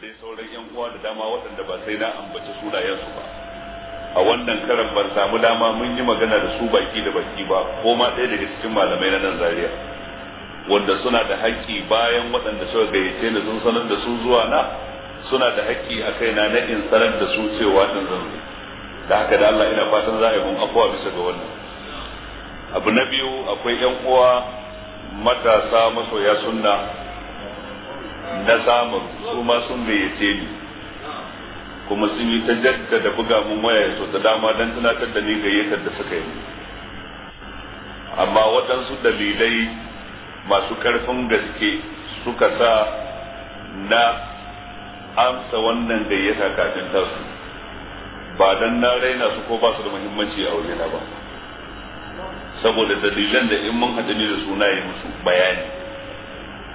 dai sauran yan uwa da dama waɗanda ba sai na ambaci sunayensu ba a wannan karan ban samu dama mun yi magana da su baki da baki ba ko ma ɗaya daga cikin malamai na nan Zariya. wanda suna da haƙƙi bayan waɗanda suka gayyace ni sun sanar da su zuwa na suna da haƙƙi a kaina na in sanar da su cewa ɗin zan zo da haka da Allah ina fatan za a yi mun afuwa bisa ga wannan abu na biyu akwai yan uwa matasa masoya sunna na samun su ma sun gayyace ni kuma sun yi ta jaddada buga mun waya su da dama don tunatar da ni gayyatar da suka yi amma waɗansu dalilai masu ƙarfin gaske suka sa na amsa wannan gayyata kafin tasu ba don na raina su ko ba su da muhimmanci a wajena ba saboda dalilan da in mun haɗu ne da suna yi musu bayani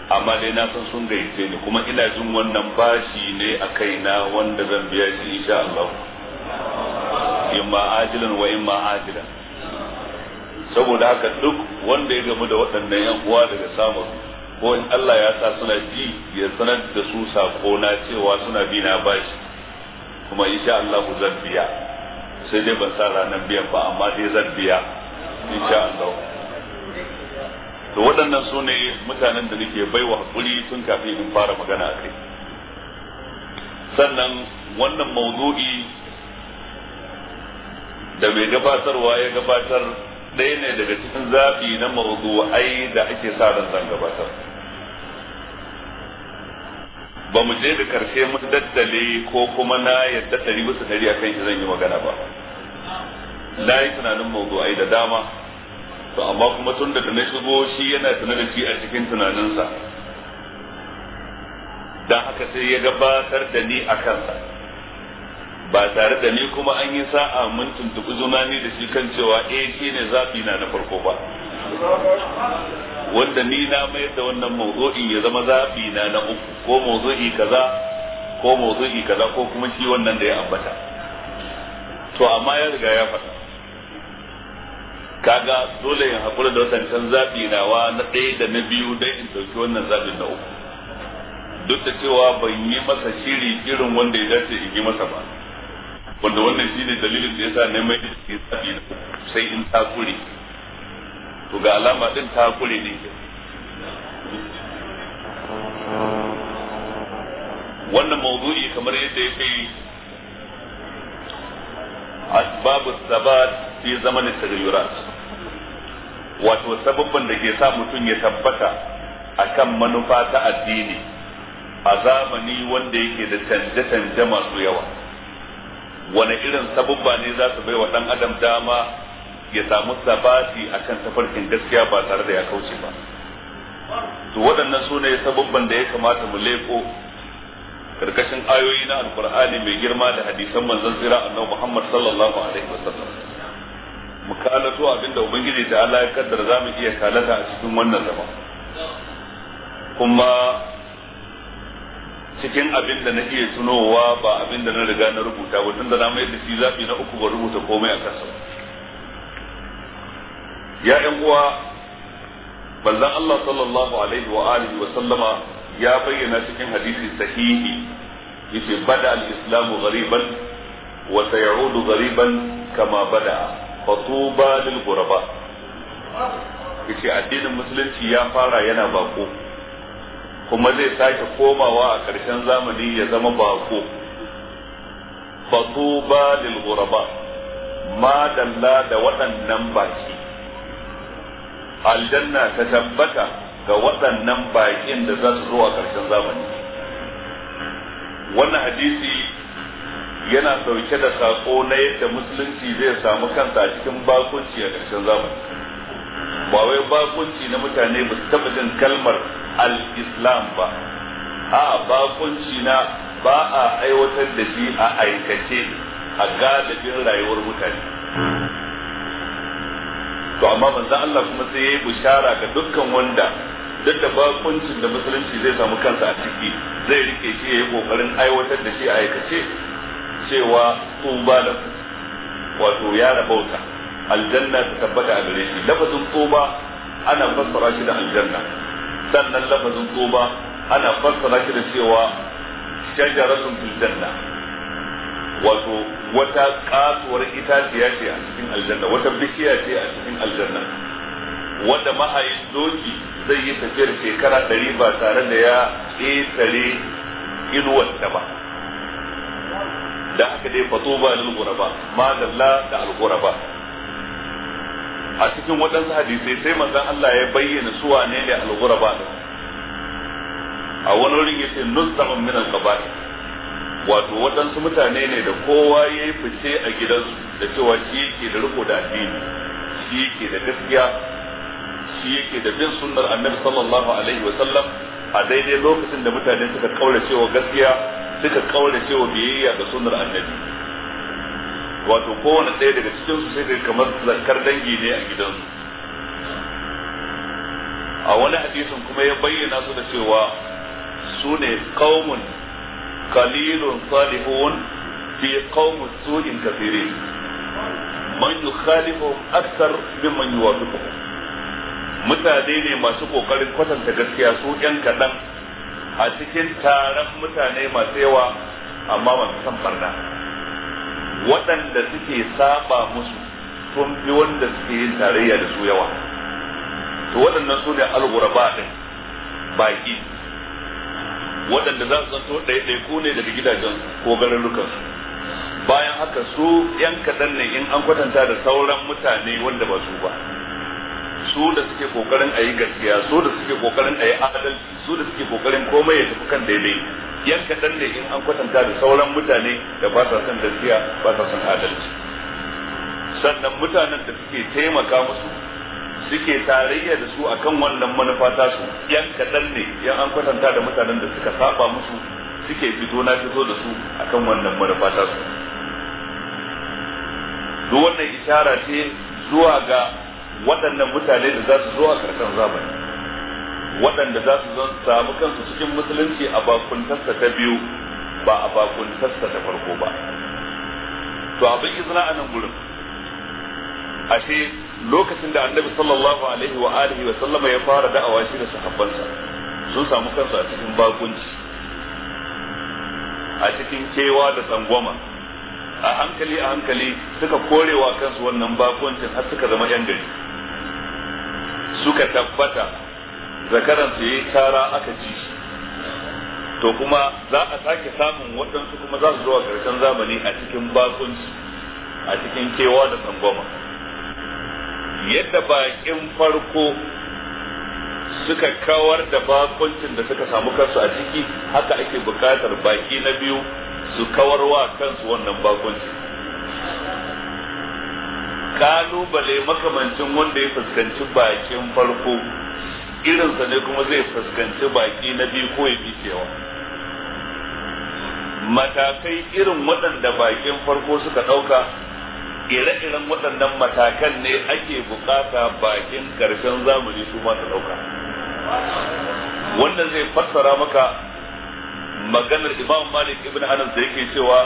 amma dai na san sun gayyace ni kuma ina jin wannan bashi ne a kaina wanda zan biya shi insha Allah imma ajilan wa imma ajilan saboda haka duk wanda ya gamu da waɗannan yan uwa daga samun ko in Allah ya sa suna ji ya sanar da su sako na cewa suna bi na bashi kuma insha Allah zan biya sai dai ban sa ranar biyan ba amma dai zan biya insha Allah to waɗannan su ne mutanen da nake baiwa haƙuri tun kafin in fara magana a kai sannan wannan mawdu'i da mai gabatarwa ya gabatar ɗaya ne daga cikin zafi na mawdu'ai da ake sa ran zan gabatar ba mu je da karshe mu daddale ko kuma na yadda ɗari bisa ɗari akan shi zan yi magana ba na yi tunanin mawdu'ai da dama to amma kuma tun da na shigo shi yana tuna da shi a cikin tunaninsa don haka sai ya gabatar da ni a kansa ba tare da ni kuma an yi sa'a mun tuntuɓi zuna ni da shi kan cewa eh shi ne zaɓi na na farko ba wanda ni na mayar da wannan mawdu'i ya zama zaɓi na na uku ko mawdu'i kaza ko mawdu'i kaza ko kuma shi wannan da ya ambata to amma ya riga ya faɗa kaga dole in hakura da wadancan zaɓi nawa na ɗaya da na biyu dai in ɗauki wannan zaɓin na uku duk da cewa ban yi masa shiri irin wanda ya dace in yi masa ba wanda wannan ne dalilin da sa na mai ke zaɓi na uku sai in kure, to ga alama ɗin kure ne wannan mawdu'i kamar yadda ya kai asbabu sabat fi zamanin tagayyurat wato sababban da ke sa mutum ya tabbata a kan manufa ta addini a zamani wanda yake da canje-canje masu yawa wani irin sababba ne za su bai wa ɗan adam dama ya samu sabati a kan tafarkin gaskiya ba tare da ya kauce ba to waɗannan su ne sababban da ya kamata mu leko karkashin ayoyi na alkur'ani mai girma da hadisan manzon tsira annabi Muhammad sallallahu alaihi wasallam mu kalato abinda ubangiji da Allah ya kaddara za mu iya kalata a cikin wannan zama kuma cikin abin da na iya tunowa ba abin da na riga na rubuta ba tun da na mayar da shi zaɓi na uku ba rubuta komai a kansa ya ƴan uwa manzon Allah sallallahu alaihi wa alihi wa sallama ya bayyana cikin hadisi sahihi yace bada al-islamu ghariban wa sayaudu ghariban kama bada fatuba lil ghuraba yace addinin musulunci ya fara yana bako kuma zai sake komawa a ƙarshen zamani ya zama bako fatuba lil ghuraba ma dalla da waɗannan baki aljanna ta tabbata ga waɗannan baƙin da za su zo a ƙarshen zamani wannan hadisi yana sauke da sako na yadda musulunci zai samu kansa a cikin bakunci a ƙarshen zamani ba wai bakunci na mutane ba su taɓa jin kalmar al-islam ba a bakunci na ba a aiwatar da shi a aikace a galibin rayuwar mutane to amma manzon Allah kuma sai ya yi bishara ga dukkan wanda duk da bakuncin da musulunci zai samu kansa a ciki zai rike shi ya yi kokarin aiwatar da shi a aikace cewa tuba da wato ya rabauta aljanna ta tabbata a gare shi lafazin tuba ana fassara shi da aljanna sannan lafazin tuba ana fassara shi da cewa shajaratun fil janna wato wata kasuwar itaciya ce a cikin aljanna wata bishiya ce a cikin aljanna wanda mahayin doki zai yi tafiyar shekara ɗari ba tare da ya ƙetare inuwarta ba da haka dai fatuba lil ghuraba ma dalla da al ghuraba a cikin waɗansu hadisai sai manzon Allah ya bayyana su wane ne al ghuraba a wani wurin yace nuzamun min al qaba'i wato waɗansu mutane ne da kowa ya yi fice a gidansu da cewa shi yake da riko da addini shi yake da gaskiya shi yake da bin sunnar annabi sallallahu alaihi wa sallam a daidai lokacin da mutane suka kaura cewa gaskiya suka kaura cewa biyayya ga sunnar annabi wato kowane ɗaya daga cikin su sai kamar zakar dangi ne a gidansu a wani hadisin kuma ya bayyana su da cewa su ne qaumun Kalilun salihun fi qaumin su'in kathirin man yukhalifuhum akthar mimman yuwafiquhum mutane ne masu kokarin kwatanta gaskiya su yan kaɗan a cikin taron mutane masu yawa amma masu san barna waɗanda suke saba musu sun fi wanda suke yin tarayya da su yawa to waɗannan su ne alguraba ɗin baƙi waɗanda za su zanto ɗaiɗaiku ne daga gidajen ko garin bayan haka su ‘yan kaɗan ne in an kwatanta da sauran mutane wanda ba su ba su da suke kokarin a yi gaskiya su da suke kokarin a yi adalci su da suke kokarin komai ya tafi kan daidai yan kaɗan ne in an kwatanta da sauran mutane da ba sa son gaskiya ba sa son adalci sannan mutanen da suke taimaka musu suke tarayya da su akan wannan manufa ta su yan kaɗan ne yan an kwatanta da mutanen da suka saba musu suke fito na fito da su akan wannan manufa ta su duk wannan ishara ce zuwa ga waɗannan mutane da za su zo a karkan zamani waɗanda za su samu kansu cikin musulunci a tasta ta biyu ba a tasta ta farko ba to abin izina a nan gurin ashe lokacin da annabi sallallahu alaihi wa alihi wa sallama ya fara da'awa shi da sahabbansa sun samu kansu a cikin bakunci a cikin kewa da tsangwama a hankali a hankali suka korewa kansu wannan bakuncin har suka zama yan gari suka tabbata zakaran su yi tara aka ji to kuma za a sake samun waɗansu kuma za su zuwa ƙarshen zamani a cikin bakunci a cikin kewa da tsangwama yadda bakin farko suka kawar da bakuncin da suka samu kansu a ciki haka ake bukatar baki na biyu su kawar wa kansu wannan bakunci kalubale makamancin wanda ya fuskanci bakin farko irinsa ne kuma zai fuskanci baki na biyu ko ya cewa matakai irin waɗanda bakin farko suka ɗauka ire-iren waɗannan matakan ne ake bukata bakin ƙarshen zamani su ma su ɗauka wannan zai fassara maka maganar imam malik ibn anas da yake cewa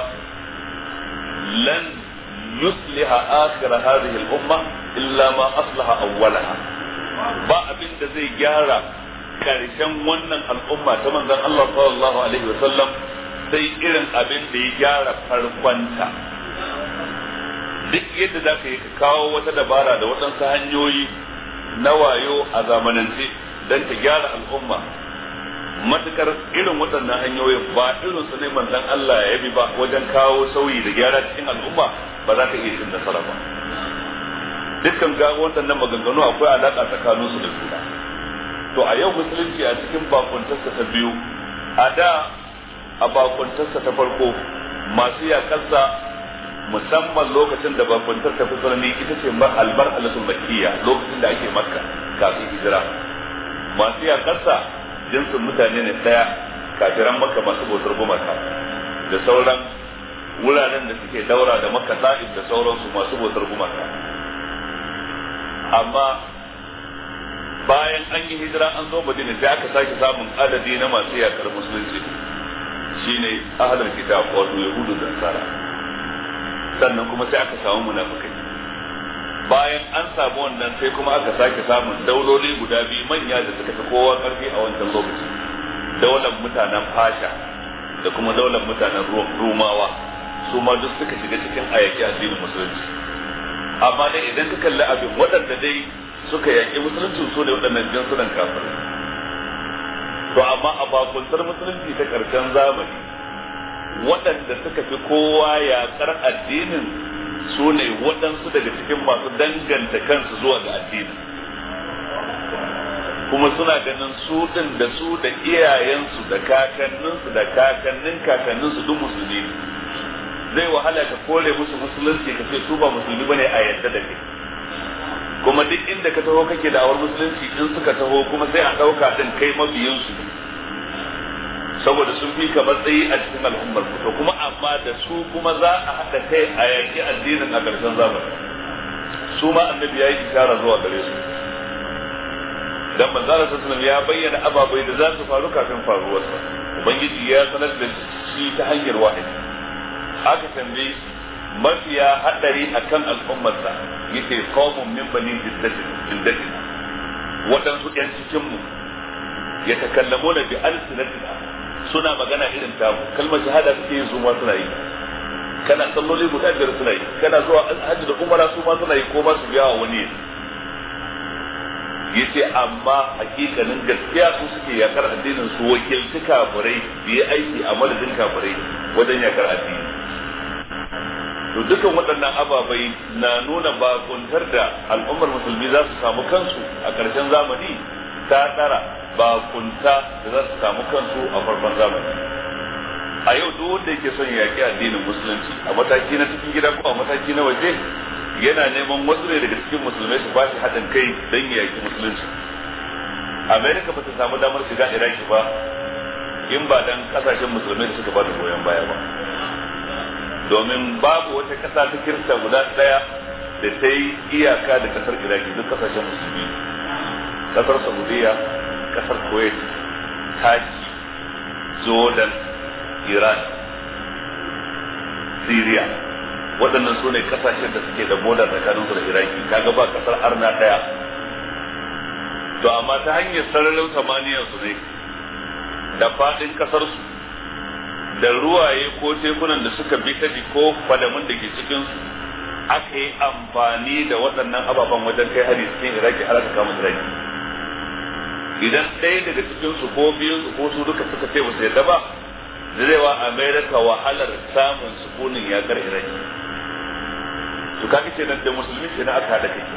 lan yusliha akhir hadhihi al-umma illa ma aslaha awwalaha ba abin da zai gyara karshen wannan al'umma ta manzon Allah sallallahu alaihi wa sallam sai irin abin da ya gyara farkonta duk yadda za ka yi ka kawo wata dabara da waɗansu hanyoyi na wayo a zamanance don ta gyara al'umma matukar irin waɗannan hanyoyin ba irin su ne manzon Allah ya bi ba wajen kawo sauyi da gyara cikin al'umma ba za ka iya cin nasara ba dukkan ga waɗannan maganganu akwai alaƙa tsakanin su da juna to a yau musulunci a cikin bakuntarsa ta biyu a da a bakuntarsa ta farko masu yakarsa musamman lokacin da bakuntar ta fi tsanani ita ce albar alasul makiyya lokacin da ake makka kafin hijira masu yakarsa jinsin mutane ne daya kafiran makka masu bautar gumaka da sauran wuraren da suke daura da maka sa'id da sauransu masu bautar gumaka amma bayan an yi hijira an zo madina sai aka sake samun adadi na masu yakar musulunci shine ahlul kitab wato yahudu da nasara sannan kuma sai aka samu munafikai bayan an samu wannan sai kuma aka sake samun dauloli guda biyu manya da suka ta kowa karfi a wancan lokaci daular mutanen fasha da kuma daular mutanen rumawa su ma duk suka shiga cikin ayyaki addinin musulunci amma ne idan ka kalli abin waɗanda dai suka yaƙi musulunci su ne waɗannan jinsunan kafirai to amma a bakuntar musulunci ta ƙarshen zamani waɗanda suka fi kowa yaƙar addinin su ne waɗansu daga cikin masu danganta kansu zuwa ga addinin kuma suna ganin su ɗin da su da iyayensu da kakanninsu da kakannin kakanninsu duk musulmi ne zai wahala ka kore musu musulunci ka ce su ba musulmi bane a yadda da ke. kuma duk inda ka taho kake da awar musulunci in suka taho kuma sai a ɗauka ɗin kai mabiyinsu saboda sun fi ka matsayi a cikin al'ummar ku to kuma amma da su kuma za a haɗa kai a yaƙi addinin a ƙarshen zamani su ma annabi ya yi ishara zuwa gare su dan manzo Allah sallallahu ya bayyana ababai da za su faru kafin faruwarsa ubangiji ya sanar da shi ta hanyar wahayi aka tambaye shi mafiya hadari a kan al'ummarsa ya yace qawmun min bani jiddatin waɗansu ƴan cikin mu ya takallamo da bi sinadina suna magana irin tamu kalmar shahada suke yin su ma suna yi kana salloli guda biyar suna yi kana zuwa hajji da umara su ma suna yi ko ba su biya wa wani ya ce amma hakikanin gaskiya su suke yakar addinin su wakilci kafirai da aiki a madadin kafirai wajen yakar addini to dukan waɗannan ababai na nuna bakuntar da al'ummar musulmi za su samu kansu a ƙarshen zamani ta ɗara bakunta da za su samu kansu a farkon zamani a yau duk wanda yake son yaƙi addinin musulunci a mataki na cikin gida ko a mataki na waje yana neman wasu ne daga cikin musulmai su bashi haɗin kai don yaƙi musulunci amerika ba ta samu damar shiga iraki ba in ba dan ƙasashen musulmai da suka ba da goyon baya ba domin babu wata kasa ta kirista guda ɗaya da ta yi iyaka da ƙasar iraki duk ƙasashen musulmi ƙasar saudiya ƙasar kuwait taki jordan iran syria waɗannan su ne ƙasashen da suke da moda boda tsakaninsu da iraki Ta gaba ƙasar arna ɗaya to amma ta hanyar sararin samaniyar su ne da faɗin ƙasarsu da ruwaye ko tekunan da suka bi kaji ko kwalamin da ke cikin su aka yi amfani da waɗannan ababen wajen kai hari cikin iraki har aka kama iraki idan ɗaya daga cikin su ko biyu su ko su duka suka ce musu yadda ba zai wa amerika wahalar samun sukunin yakar iraki to ka ce nan da musulmi ce na aka haɗa kake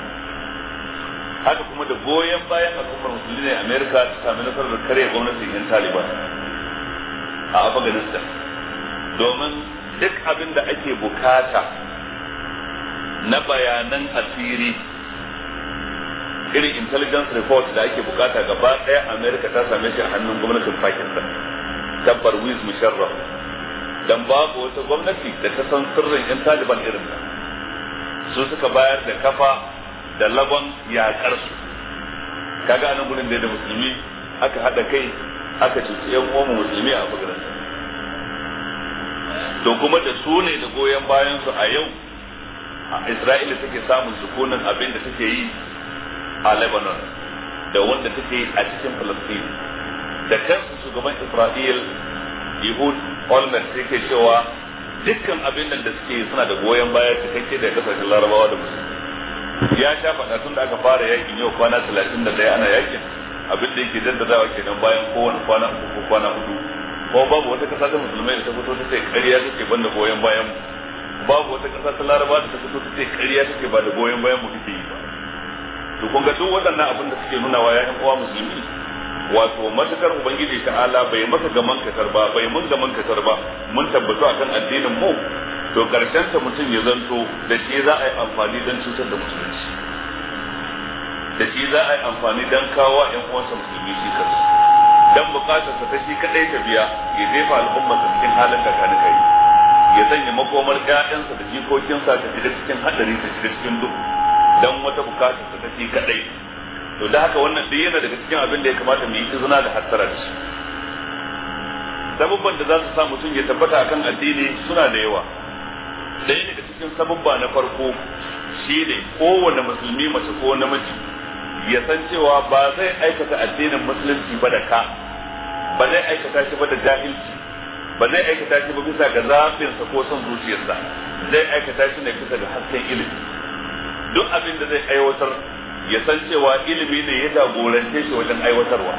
haka kuma da goyon bayan al'ummar musulmi ne amerika ta sami nasarar karya gwamnatin yan taliban a afghanistan domin duk abin da ake bukata na bayanan asiri irin intelligence report da ake bukata gaba daya america ta same shi a hannun gwamnatin pakistan tabbar wiz musharraf dan babu wata gwamnati da ta san sirrin yan taliban irin ta su suka bayar da kafa da lagon yakar su kaga anan gurin da musulmi aka hada kai aka cuci yan uwan musulmi a afghanistan to kuma da su ne da goyon bayan su a yau a Isra'ila take samun sukunan abin da take yi a Lebanon da wanda take yi a cikin Palestine da kansu shugaban Isra'il Yehud Olmert yake cewa dukkan abin da suke yi suna da goyon baya cikakke da kasashen Larabawa da musulmi ya sha faɗa tun da aka fara yakin yau kwana 31 ana yakin abin da yake daddadawa kenan bayan kowane kwana uku ko kwana hudu ko babu wata kasa ta musulmai da ta fito ta ce ƙarya ce banda goyon bayan mu babu wata kasa ta laraba da ta fito ta ce ƙarya ce ba da goyon bayan mu take yi ba to kun ga duk waɗannan abin da suke nunawa ya ƴan uwa musulmi wato matakar ubangiji ta ala bai masa gaman kasar ba bai mun gaman kasar ba mun tabbatu akan addinin mu to karshen ta mutum ya zanto da shi za a yi amfani don cutar da musulunci da shi za a yi amfani don kawo ƴan uwansa musulmi shi kansu dan bukatar sa ta shi kadai ta biya ya jefa al'umma sa cikin halin da kan kai ya sanya makomar ƴaƴansa da jikokinsa ta shiga cikin hadari ta shiga cikin duhu dan wata bukatar sa ta shi kadai to da haka wannan duk yana daga cikin abin da ya kamata mu yi izina da hattara da shi sababban da za su sa mutum ya tabbata akan addini suna da yawa ɗaya daga cikin sababba na farko shi ne kowane musulmi mace ko namiji ya san cewa ba zai aikata addinin musulunci ba da ka ba zai aikata shi ba da jahilci ba zai aikata shi ba bisa ga zafinsa ko son zuciyarsa zai aikata shi ne bisa ga hasken ilimi duk abin da zai aiwatar ya san cewa ilimi ne ya jagorance shi wajen aiwatarwa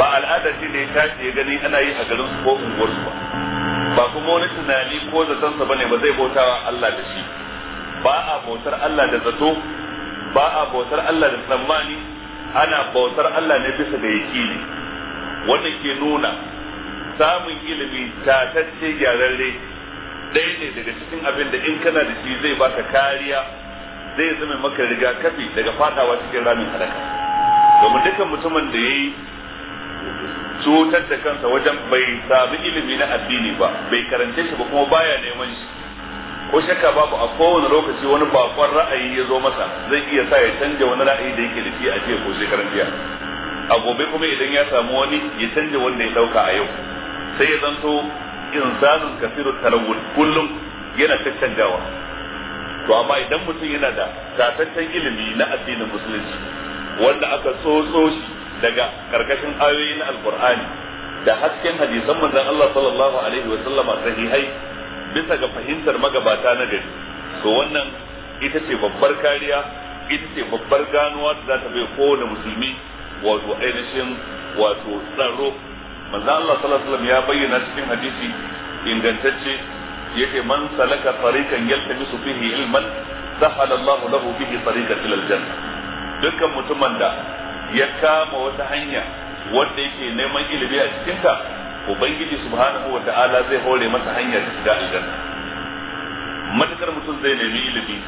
ba al'ada shi ne ya tashi ya gani ana yi a garin su ko unguwarsu ba ba kuma wani tunani ko zatonsa bane ba zai bautawa Allah da shi ba a bautar Allah da zato ba a bautar Allah da tsammani ana bautar Allah ne bisa da yakini wanda ke nuna samun ilimi tatacce gyararre ɗaya ne daga cikin abin da in kana da shi zai baka kariya zai zama maka riga kafi daga fadawa cikin ramin halaka domin dukkan mutumin da yayi cutar da kansa wajen bai sami ilimi na addini ba bai karance shi ba kuma baya neman shi ko shakka babu a kowane lokaci wani bakon ra'ayi ya zo masa zai iya sa ya canja wani ra'ayi da yake da shi a jiya ko shekaran jiya a gobe kuma idan ya samu wani ya canja wanda ya dauka a yau sai ya zanto insanun kafiru talawul kullum yana caccanjawa to amma idan mutum yana da tataccen ilimi na addinin musulunci wanda aka tsotso shi daga karkashin ayoyi na alqur'ani da hasken hadisan manzon Allah sallallahu alaihi wa sallama sahihai bisa ga fahimtar magabata na gari to wannan ita ce babbar kariya ita ce babbar ganuwa da za ta bai kowane musulmi wato ainihin wato tsaro manzo Allah sallallahu alaihi ya bayyana cikin hadisi ingantacce yake man salaka tariqan yaltamisu fihi ilman sahala Allah lahu bihi tariqan ila aljanna dukkan mutumin da ya kama wata hanya wanda yake neman ilimi a cikinta ubangiji subhanahu wa ta'ala zai hore masa hanyar shiga aljanna matakar mutum zai nemi ilimi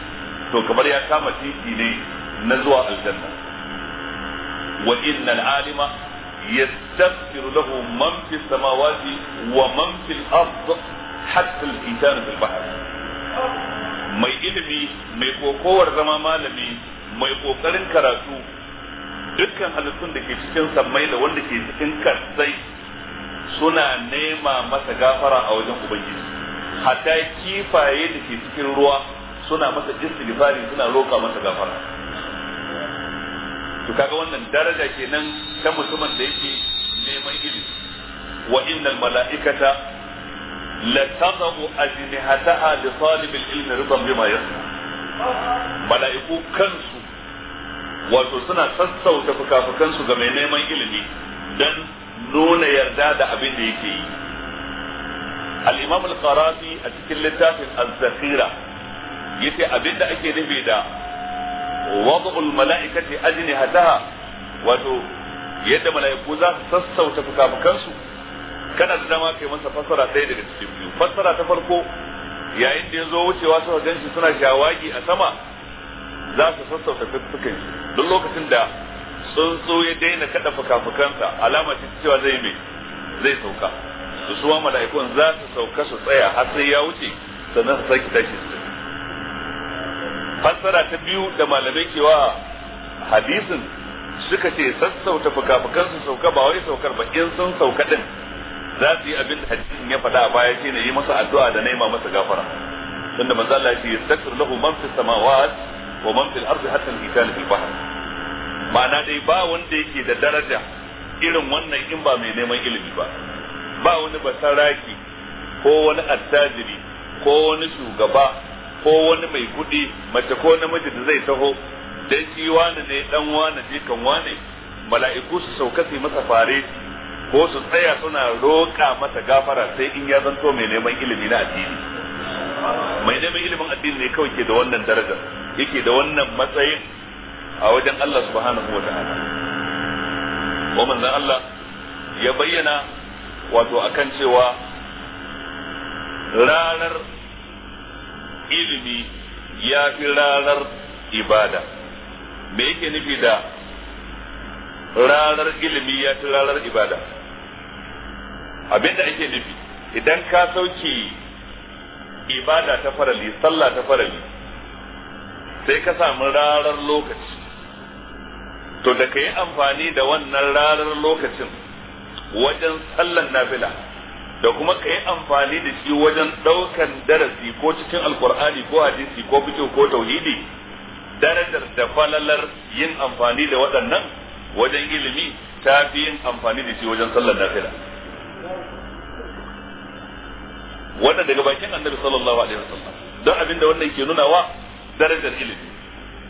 to kamar ya kama titi ne na zuwa aljanna wa innal alima yastaghfiru lahu man fis samawati wa man fil ard hatta al-insan bahr mai ilimi mai kokowar zama malami mai kokarin karatu dukkan halittun da ke cikin samai da wanda ke cikin karsai suna nema masa gafara a wajen ubangiji hatta kifaye da ke cikin ruwa suna masa istighfari suna roƙa masa gafara to kaga wannan daraja kenan ta mutumin da yake neman ilimi wa innal mala'ikata la tadhu ajnihataha li talibil ilmi ridan bima yasna mala'iku kansu wato suna sassauta fukafukansu ga mai neman ilimi dan nuna yarda da abin da yake yi al-imam al-qarafi a cikin littafin az-zakhira yace abin da ake nufi da wad'ul mala'ikati ajnihataha wato yadda mala'iku za su sassauta fukafukansu kana da dama kai masa fassara ɗaya daga cikin biyu fassara ta farko yayin da ya zo wucewa suka gan shi suna shawagi a sama za su sassauta fuskan duk lokacin da tsuntsu ya daina kada fuka-fukansa alama ce cewa zai mai zai sauka su suwa mala'ikun za su sauka su tsaya har sai ya wuce sannan su sake tashi su fassara ta biyu da malamai kewa hadisin suka ce sassauta fuka-fukansu sauka ba wai saukar ba in sun sauka din za su yi abin da hadisin ya faɗa a baya shi ne yi masa addu'a da naima masa gafara tunda manzo Allah ya ce yastaghfir lahu man fis samawati wa man fil ardi hatta al-hitan fil bahr ma'ana dai ba wanda yake da daraja irin wannan in ba mai neman ilimi ba ba wani basaraki ko wani attajiri ko wani shugaba ko wani mai kuɗi mace ko namiji da zai taho dan shi wani ne dan wani jikan wani mala'iku su sauka su masa fare ko su tsaya suna roƙa masa gafara sai in ya zanto mai neman ilimi na addini mai neman ilimin addini ne kawai ke da wannan daraja yake da wannan matsayin a wajen Allah subhanahu wa ta'ala ko manzon Allah ya bayyana wato akan cewa ranar ilimi ya fi ranar ibada me yake nufi da ranar ilimi ya fi ranar ibada abinda ake nufi idan ka sauke ibada ta farali sallah ta farali sai ka samu ranar lokaci to da ka yi amfani da wannan ranar lokacin wajen sallan nafila da kuma ka yi amfani da shi wajen ɗaukan darasi ko cikin alkur'ani ko hadisi ko fito ko tauhidi darajar da falalar yin amfani da waɗannan wajen ilimi ta fi yin amfani da shi wajen sallan nafila wannan daga bakin annabi sallallahu alaihi wasallam don abin da wannan ke nuna wa darajar ilimi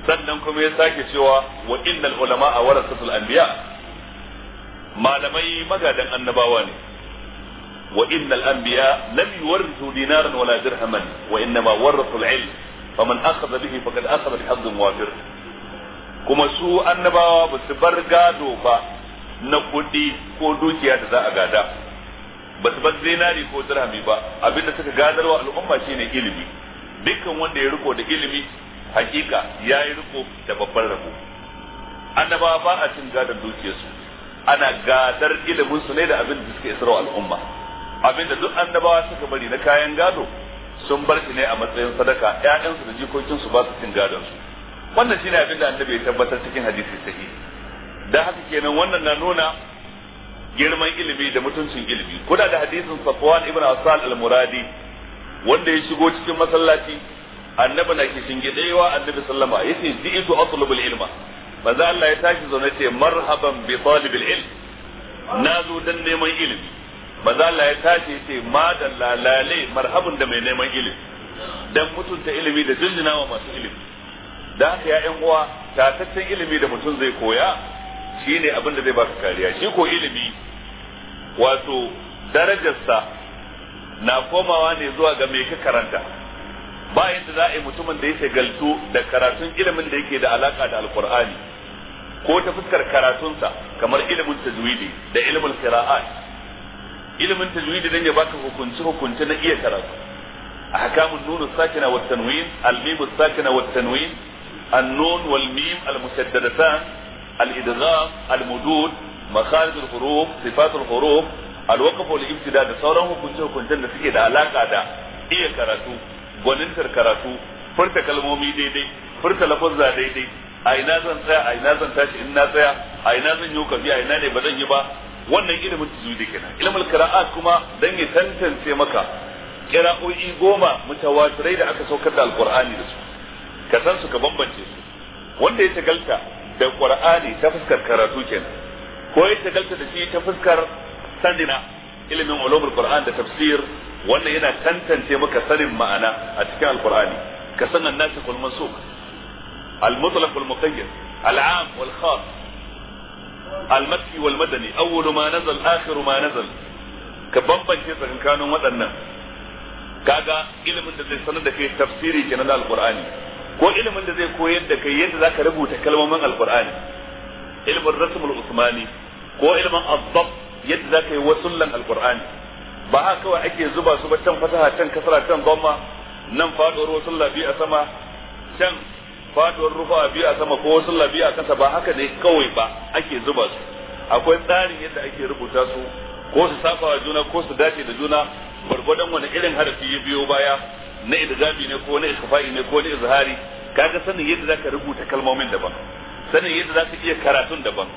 sannan kuma ya sake cewa wa innal ulama a warasatul anbiya malamai magadan annabawa ne wa innal anbiya lam yuwarrisu dinaran wala dirhaman wa innama warasul ilm faman akhadha bihi faqad akhadha bi wafir kuma su annabawa ba su bar gado ba na kuɗi ko dukiya da za a gada ba su bar zinari ko dirhami ba abinda suka gadarwa al'umma shine ilimi dukkan wanda ya riko da ilimi hakika ya yi riko da babban rabo annaba ba a cin gadon dukiyarsu ana gadar ilimin su ne da abin da suka isarwa al'umma abin da duk annabawa suka bari na kayan gado sun bar shi ne a matsayin sadaka Ya'yansu da jikokinsu ba su cin gadon su wannan shine abin da annabi ya tabbatar cikin hadisi sahihi dan haka kenan wannan na nuna girman ilimi da mutuncin ilimi kuna da hadisin Safwan ibn Asal al-Muradi wanda ya shigo cikin masallaci annabi na ke wa annabi sallama yace ji'tu atlubul ilma manzo Allah ya tashi zaune ce marhaban bi talibil ilm na zo dan neman ilimi manzo Allah ya tashi yace da lalale marhaban da mai neman ilimi dan mutunta ilimi da jinjina wa masu ilimi da haka ya yan uwa tataccen ilimi da mutum zai koya shine abin da zai baka kariya shi ko ilimi wato darajarsa na komawa ne zuwa ga mai ka karanta ba yadda za a yi mutumin da ya galto da karatun ilimin da yake da alaka da alkur'ani ko ta fuskar karatunsa kamar ilimin tajwidi da ilimin qira'at ilimin tajwidi dan ya baka hukunci hukunci na iya karatu ahkamun nun sakina wat tanwin sakina wat tanwin an nun wal mim al mushaddadatan al mudud makharij al huruf sifat al huruf ibtida da sauran hukunci hukuncin da suke da alaka da iya karatu gwanintar karatu furta kalmomi daidai furta lafazza daidai a ina zan tsaya a ina zan tashi in na tsaya a ina zan yi kafi a ina ne ba zan yi ba wannan ilimin tajwidi kenan ilimin a kuma dan ya tantance maka qira'o'i goma mutawatirai da aka saukar da alqur'ani da su ka san su ka bambance su wanda ya tagalta da qur'ani ta fuskar karatu kenan ko ya tagalta da shi ta fuskar sandina ilimin ulumul qur'an da tafsir wannan yana tantance maka sanin ma'ana a cikin alqur'ani ka san annasi kul mansuk al mutlaq wal muqayyad al am wal khas al makki wal madani awwal ma nazal akhir ma nazal ka bambance tsakankanin waɗannan kaga ilimin da zai sanar da kai tafsiri kenan da alqur'ani ko ilimin da zai koyar da kai yadda zaka rubuta kalmomin alqur'ani ilimin rasmul usmani ko ilimin adab yadda zaka yi wasullan alqur'ani ba haka kawai ake zuba su ba can fasaha can kasara can gomma nan faduwar wasu labi a sama can faduwar rufa biyu a sama ko wasu labi a kasa ba haka ne kawai ba ake zuba su akwai tsarin yadda ake rubuta su ko su safa wa juna ko su dace da juna gwargwadon wani irin harafi ya biyo baya na idgami ne ko na iskafa'i ne ko na izhari kaga sanin yadda zaka rubuta kalmomin daban sanin yadda zaka iya karatun daban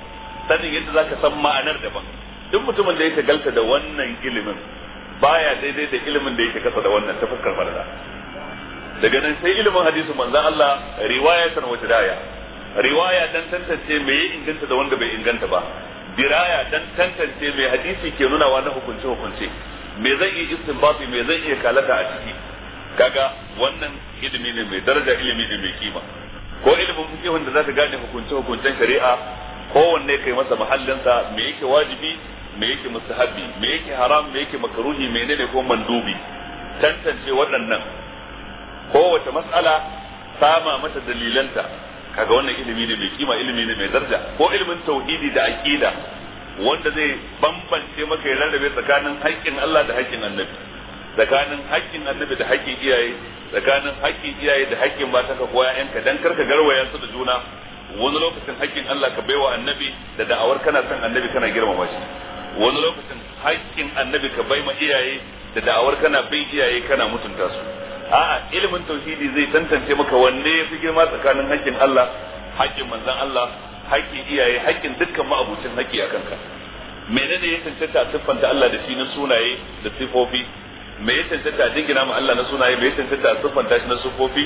sanin yadda za zaka san ma'anar daban duk mutumin da ya galta da wannan ilimin baya daidai da ilimin da yake kasa da wannan ta fuskar daga nan sai ilimin hadisin manzan Allah san wata daya riwaya dan tantance me ya inganta da wanda bai inganta ba diraya dan tantance me hadisi ke nuna wa na hukunce hukunce me zai iya istinbati me zai iya kalata a ciki kaga wannan ilimi ne mai daraja ilimi ne mai kima ko ilimin fiqh wanda zaka gane hukunce hukuncen shari'a kowanne kai masa mahallinsa me yake wajibi me yake mustahabi me yake haram me yake makaruhi menene ko mandubi tantance waɗannan kowace matsala, sama mata dalilanta kaga wannan ilimi ne mai kima ilimi ne mai daraja ko ilimin tauhidi da aqida wanda zai bambance maka ya rarrabe tsakanin haƙƙin Allah da haƙƙin annabi tsakanin haƙƙin annabi da haƙƙin iyaye tsakanin haƙƙin iyaye da haƙƙin mata ka koya yanka dan karka garwaya su da juna wani lokacin haƙƙin Allah ka baiwa annabi da da'awar kana son annabi kana girmama shi wani lokacin haƙƙin annabi ka bai ma iyaye da da'awar kana bin iyaye kana mutunta su a'a ilimin tauhidi zai tantance maka wanne ya fi girma tsakanin haƙƙin Allah haƙƙin manzon Allah haƙƙin iyaye haƙƙin dukkan ma'abucin haƙƙi a kanka menene ya tantance siffanta Allah da shi na sunaye da sifofi me ya tantance jingina ma Allah na sunaye me ya tantance siffanta shi na sifofi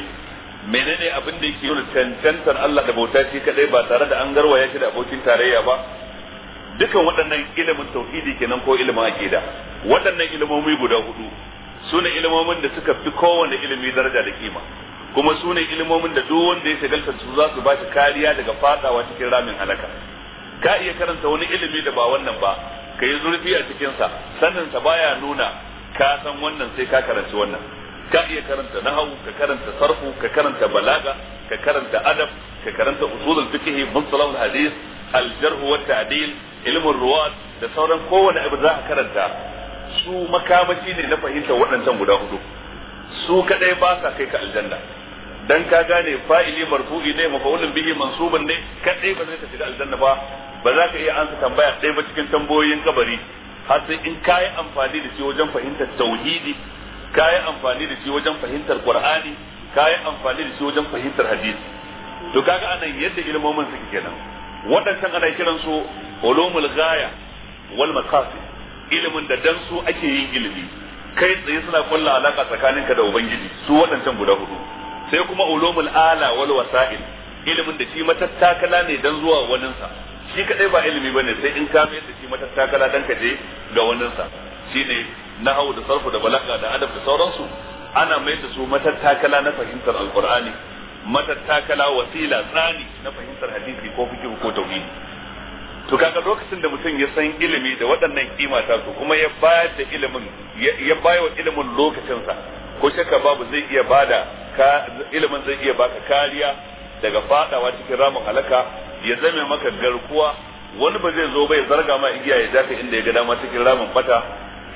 menene abin da yake nuna cancantar Allah da bauta shi kadai ba tare da an garwaya shi da abokin tarayya ba dukan waɗannan ilimin tauhidi kenan ko ilimin aqida waɗannan ilimomi guda hudu sune ilimomin da suka fi kowane ilimi daraja da kima kuma sune ilimomin da duk wanda ya shagalta su za su ba shi kariya daga fadawa cikin ramin halaka ka iya karanta wani ilimi da ba wannan ba ka yi zurfi a cikinsa sannan sa baya nuna ka san wannan sai ka karanci wannan ka iya karanta nahawu ka karanta sarfu ka karanta balaga ka karanta adab ka karanta usulul fiqh mustalahul hadith aljarh wa ta'dil ruwa da sauran kowane abu za ka karanta su makamashi ne na fahimtar waɗancan guda hudu su kaɗai ba sa kai ka aljanna dan ka gane fa'ili marfu'i ne mafaulun bihi mansuban ne kaɗai ba zai ka shiga aljanna ba ba za ka iya ansa tambaya ɗaya ba cikin tambayoyin kabari har sai in kayi amfani da shi wajen fahimtar tauhidi yi amfani da shi wajen fahimtar qur'ani yi amfani da shi wajen fahimtar hadisi to kaga anan yadda ilmomin suke kenan waɗancan ana kiransu ulumul ghaya wal maqasid ilimin da dan su ake yin ilimi kai tsaye suna kulla alaka tsakaninka da ubangiji su waɗancan guda hudu sai kuma ulumul ala wal wasa'il ilimin da shi matattakala ne dan zuwa waninsa shi kadai ba ilimi bane sai in ka mai da shi matattakala dan ka je ga waninsa shine nahwu da sarfu da balaga da adab da sauransu ana mai da su matattakala na fahimtar alqur'ani matattakala wasila tsani na fahimtar hadisi ko fikihu ko tauhidi to kaga lokacin da mutum ya san ilimi da waɗannan kima ta su kuma ya bayar da ilimin ya bayar wa ilimin lokacinsa ko shakka babu zai iya bada ilimin zai iya baka kariya daga fadawa cikin ramin halaka ya zame maka garkuwa wani ba zai zo bai zarga ma igiya ya daka inda ya ga dama cikin ramin bata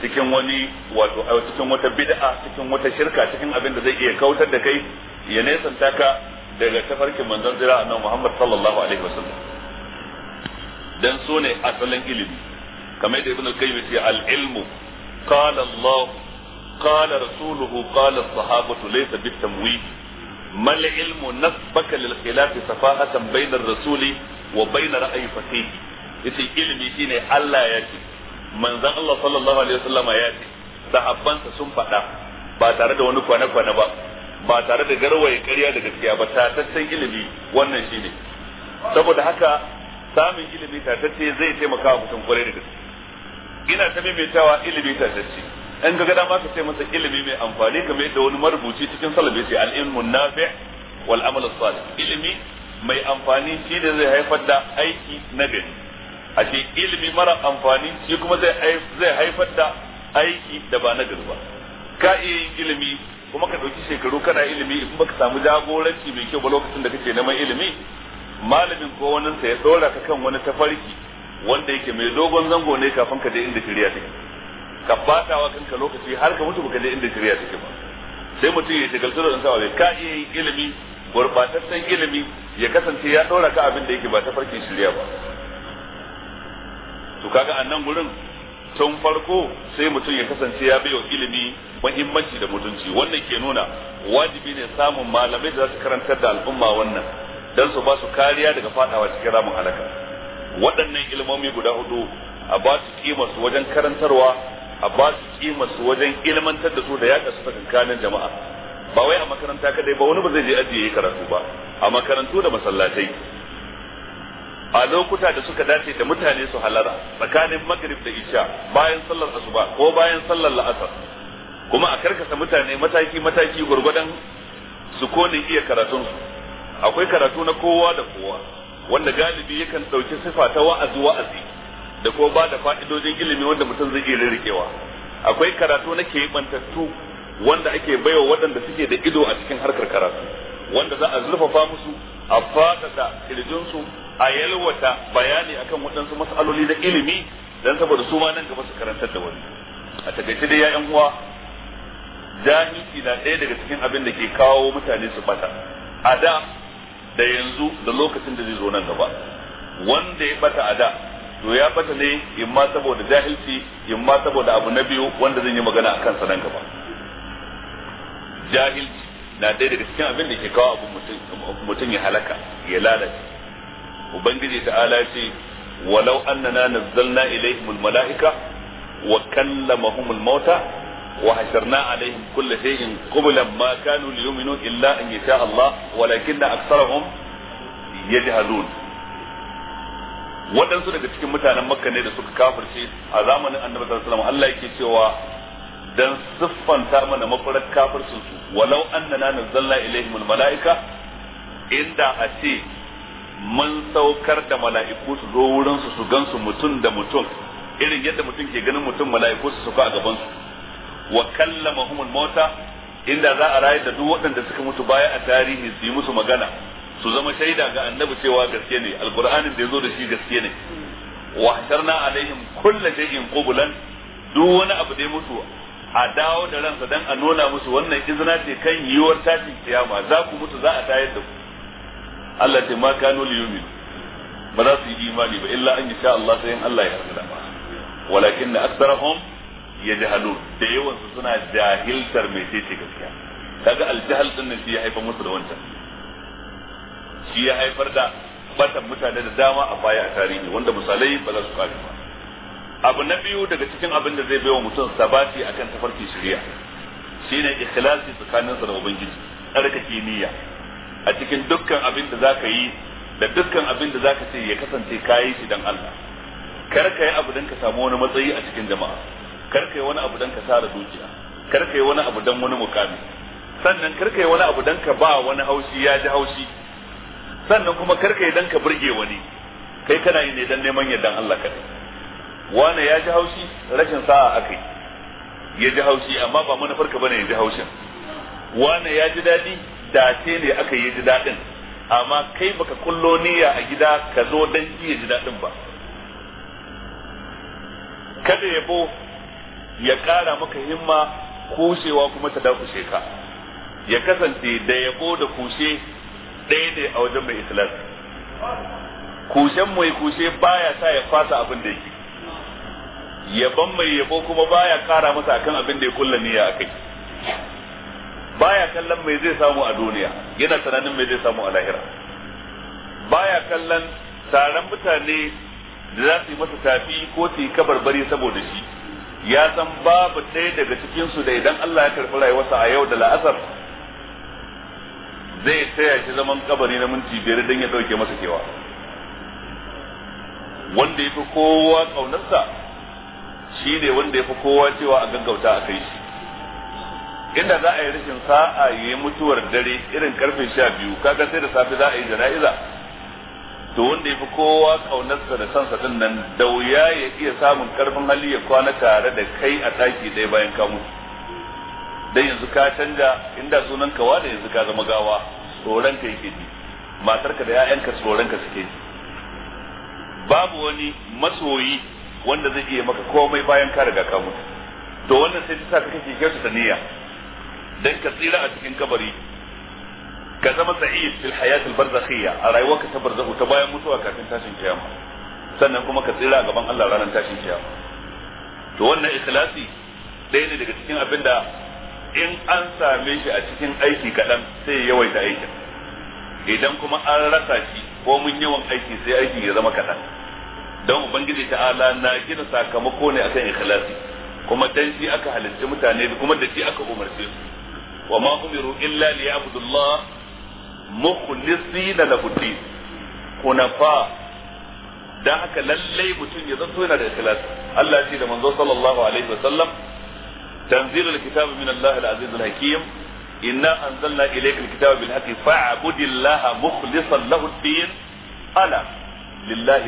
cikin wani wato cikin wata bid'a cikin wata shirka cikin abin da zai iya kautar da kai ya nesanta ka daga tafarkin manzon jira annabi Muhammad sallallahu alaihi wasallam dan so ne asalin ilimi kamar da ibnu al-qayyim ya al-ilmu qala Allah qala rasuluhu qala as-sahabatu laysa bit-tamwih ما العلم نسبك للخلاف سفاهة بين الرسول وبين رأي فقيه yace ilimi shine Allah ya ce manzon Allah sallallahu alaihi wasallama ya ce sahabbansa sun faɗa ba tare da wani kwana-kwana ba ba tare da garwaye ƙarya da gaskiya ba tatattan ilimi wannan ne saboda haka samun ilimi tatacce zai taimaka wa mutum kwarai da gaske ina ta maimaitawa ilimi tatacce in ga gada ma ka ce masa ilimi mai amfani kamar yadda wani marubuci cikin salabi ce al-ilmu nafi' wal amal salih ilimi mai amfani shi da zai haifar da aiki na gari a ce ilimi mara amfani shi kuma zai haifar da aiki da ba na gari ba ka iya yin ilimi kuma ka ɗauki shekaru kana ilimi in baka samu jagoranci mai kyau ba lokacin da kake neman ilimi malamin ko wani sa ya dora ka kan wani tafarki wanda yake mai dogon zango ne kafin ka je inda shirya take ka batawa kanka lokaci har ka mutu baka je inda shirya take ba sai mutum ya shagaltu da sawa ka iya yin ilimi gurbataccen ilimi ya kasance ya dora ka abin da yake ba tafarkin shirya ba to kaga a nan gurin tun farko sai mutum ya kasance ya bai wa ilimi muhimmanci da mutunci wannan ke nuna wajibi ne samun malamai da za su karantar da al'umma wannan don su ba su kariya daga fadawa cikin ramin halaka waɗannan ilmomi guda hudu a ba su kimar su wajen karantarwa a ba su kimar su wajen ilmantar da su da yaƙa su tsakankanin jama'a ba wai a makaranta kadai ba wani ba zai je ajiye karatu ba a makarantu da masallatai a lokuta da suka dace da mutane su halara tsakanin magrib da isha bayan sallar asuba ko bayan sallar la'asar kuma a karkasa mutane mataki mataki gurgudan su kone iya karatun su akwai karatu na kowa da kowa wanda galibi yakan dauki sifa ta wa'azi wa'azi da ko ba da fa'idojin ilimi wanda mutum zai iya rikewa akwai karatu na keɓantattu wanda ake baiwa waɗanda suke da ido a cikin harkar karatu wanda za a zurfafa musu a fadada kirjinsu a yalwata bayani akan waɗansu mas'aloli da ilimi dan saboda su ma nan gaba su karantar da wani a takaice dai ya uwa jahilci na ɗaya daga cikin abin da ke kawo mutane su bata a da da yanzu da lokacin da zai zo nan gaba wanda ya bata a da to ya bata ne in ma saboda jahilci in ma saboda abu na biyu wanda zan yi magana akan sa nan gaba jahilci na ɗaya daga cikin abin da ke kawo abu mutum ya halaka ya lalace ubangiji ta'ala ce walau annana nazzalna ilaihim almalaika wa kallamahum almauta wa hasharna alaihim kull shay'in qubla ma kanu liyuminu illa an yasha Allah walakinna aktsarahum yajhalun waɗansu daga cikin mutanen makka ne da suka kafirce a zamanin annabi sallallahu alaihi wasallam Allah yake cewa dan siffanta mana mafarar kafircin su walau annana nazzalna ilaihim almalaika inda a ce mun saukar da mala'iku su zo wurin su su gansu mutum da mutum irin yadda mutum ke ganin mutum mala'iku su suka a gaban su wa kallamahumul mauta inda za a rayar da duk waɗanda suka mutu baya a tarihi su yi musu magana su zama shaida ga annabi cewa gaske ne alqur'anin da yazo da shi gaske ne wa na alaihim kullu shay'in qublan duk wani abu da ya mutu a dawo da ransa dan a nuna musu wannan izina ce kan yiwuwar tashin kiyama za ku mutu za a tayar da ku Allah ce ma kanu li ba za su yi imani ba illa an yasha Allah sai Allah ya da ba walakin da ya yajhalun da yawansu suna jahiltar mai ce gaskiya kaga aljahl din nan shi ya haifar musu da wancan shi ya haifar da batan mutane da dama a baya a tarihi wanda misalai ba za su kare ba abu na biyu daga cikin abin da zai baiwa mutum sabati akan tafarki shari'a shine ikhlasi tsakaninsa da ubangiji tsarkake niyya a cikin dukkan abin da za ka yi da dukkan abin da za ka ce ya kasance ka yi shi dan Allah kar ka yi abu dan ka samu wani matsayi a cikin jama'a kar ka yi wani abu dan ka tara dukiya kar ka yi wani abu dan wani mukami sannan kar ka yi wani abu dan ka ba wani haushi ya ji haushi sannan kuma kar ka yi dan ka burge wani kai kana yi ne dan neman yardan Allah kaɗai. wani ya ji haushi rashin sa'a yi. ya ji haushi amma ba manufarka ne ya ji haushin wani ya ji daɗi dace ne aka yi ji daɗin amma kai baka kullo niyya a gida ka zo don iya ji daɗin ba kada yabo ya ƙara maka himma kushewa kuma ta dakushe ka ya kasance da yabo da kushe ɗaya ne a wajen mai islam kushen mai kushe baya sa ya fasa abin da yake yabon mai yabo kuma baya ƙara masa akan abin da ya kulla niyya a kai baya kallon mai zai samu a duniya yana tunanin mai zai samu a lahira baya kallon taron mutane da za su yi masa tafi ko su yi kabarbari saboda shi ya san babu ɗaya daga cikinsu da idan Allah ya karɓi rayuwarsa a yau da la'asar zai taya shi zaman kabari na minti biyar don ya ɗauke masa kewa wanda ya fi kowa ƙaunarsa shi ne wanda ya fi kowa cewa a gaggauta a kai shi inda za a yi rashin sa'a yi mutuwar dare irin karfe sha biyu kaga sai da safe za a yi jana'iza to wanda yafi kowa kaunarsa da sansa din nan da wuya ya iya samun karfin hali ya kwana tare da kai a taki ɗaya bayan ka mutu dan yanzu ka canja inda sunan ka wada yanzu ka zama gawa tsoron ka yake ji ka da 'ya'yanka tsoron ka suke ji babu wani masoyi wanda zai iya maka komai bayan ka riga ka mutu to wannan sai ta sa kake kyautata niyya dan ka tsira a cikin kabari ka zama sa'id fil al barzakhiyya a rayuwarka ta barzakhu ta bayan mutuwa kafin tashin kiyama sannan kuma ka tsira gaban Allah ranar tashin kiyama to wannan ikhlasi ɗaya ne daga cikin abinda in an same shi a cikin aiki kaɗan sai ya yawaita aikin idan kuma an rasa shi ko mun yawan aiki sai aikin ya zama kaɗan don ubangiji ta'ala na gina sakamako ne akan ikhlasi kuma dan shi aka halarci mutane kuma da shi aka umarce su wa ma umiru illa liya'budullah mukhlisina lahu din kunafa da haka lallai mutum ya zanto yana da ikhlas Allah ce da manzo sallallahu alaihi wasallam tanzilul kitabi min Allah al-aziz al-hakim inna anzalna ilayka al-kitaba bil haqqi fa'budillaha mukhlishan lahu ad-din ala lillahi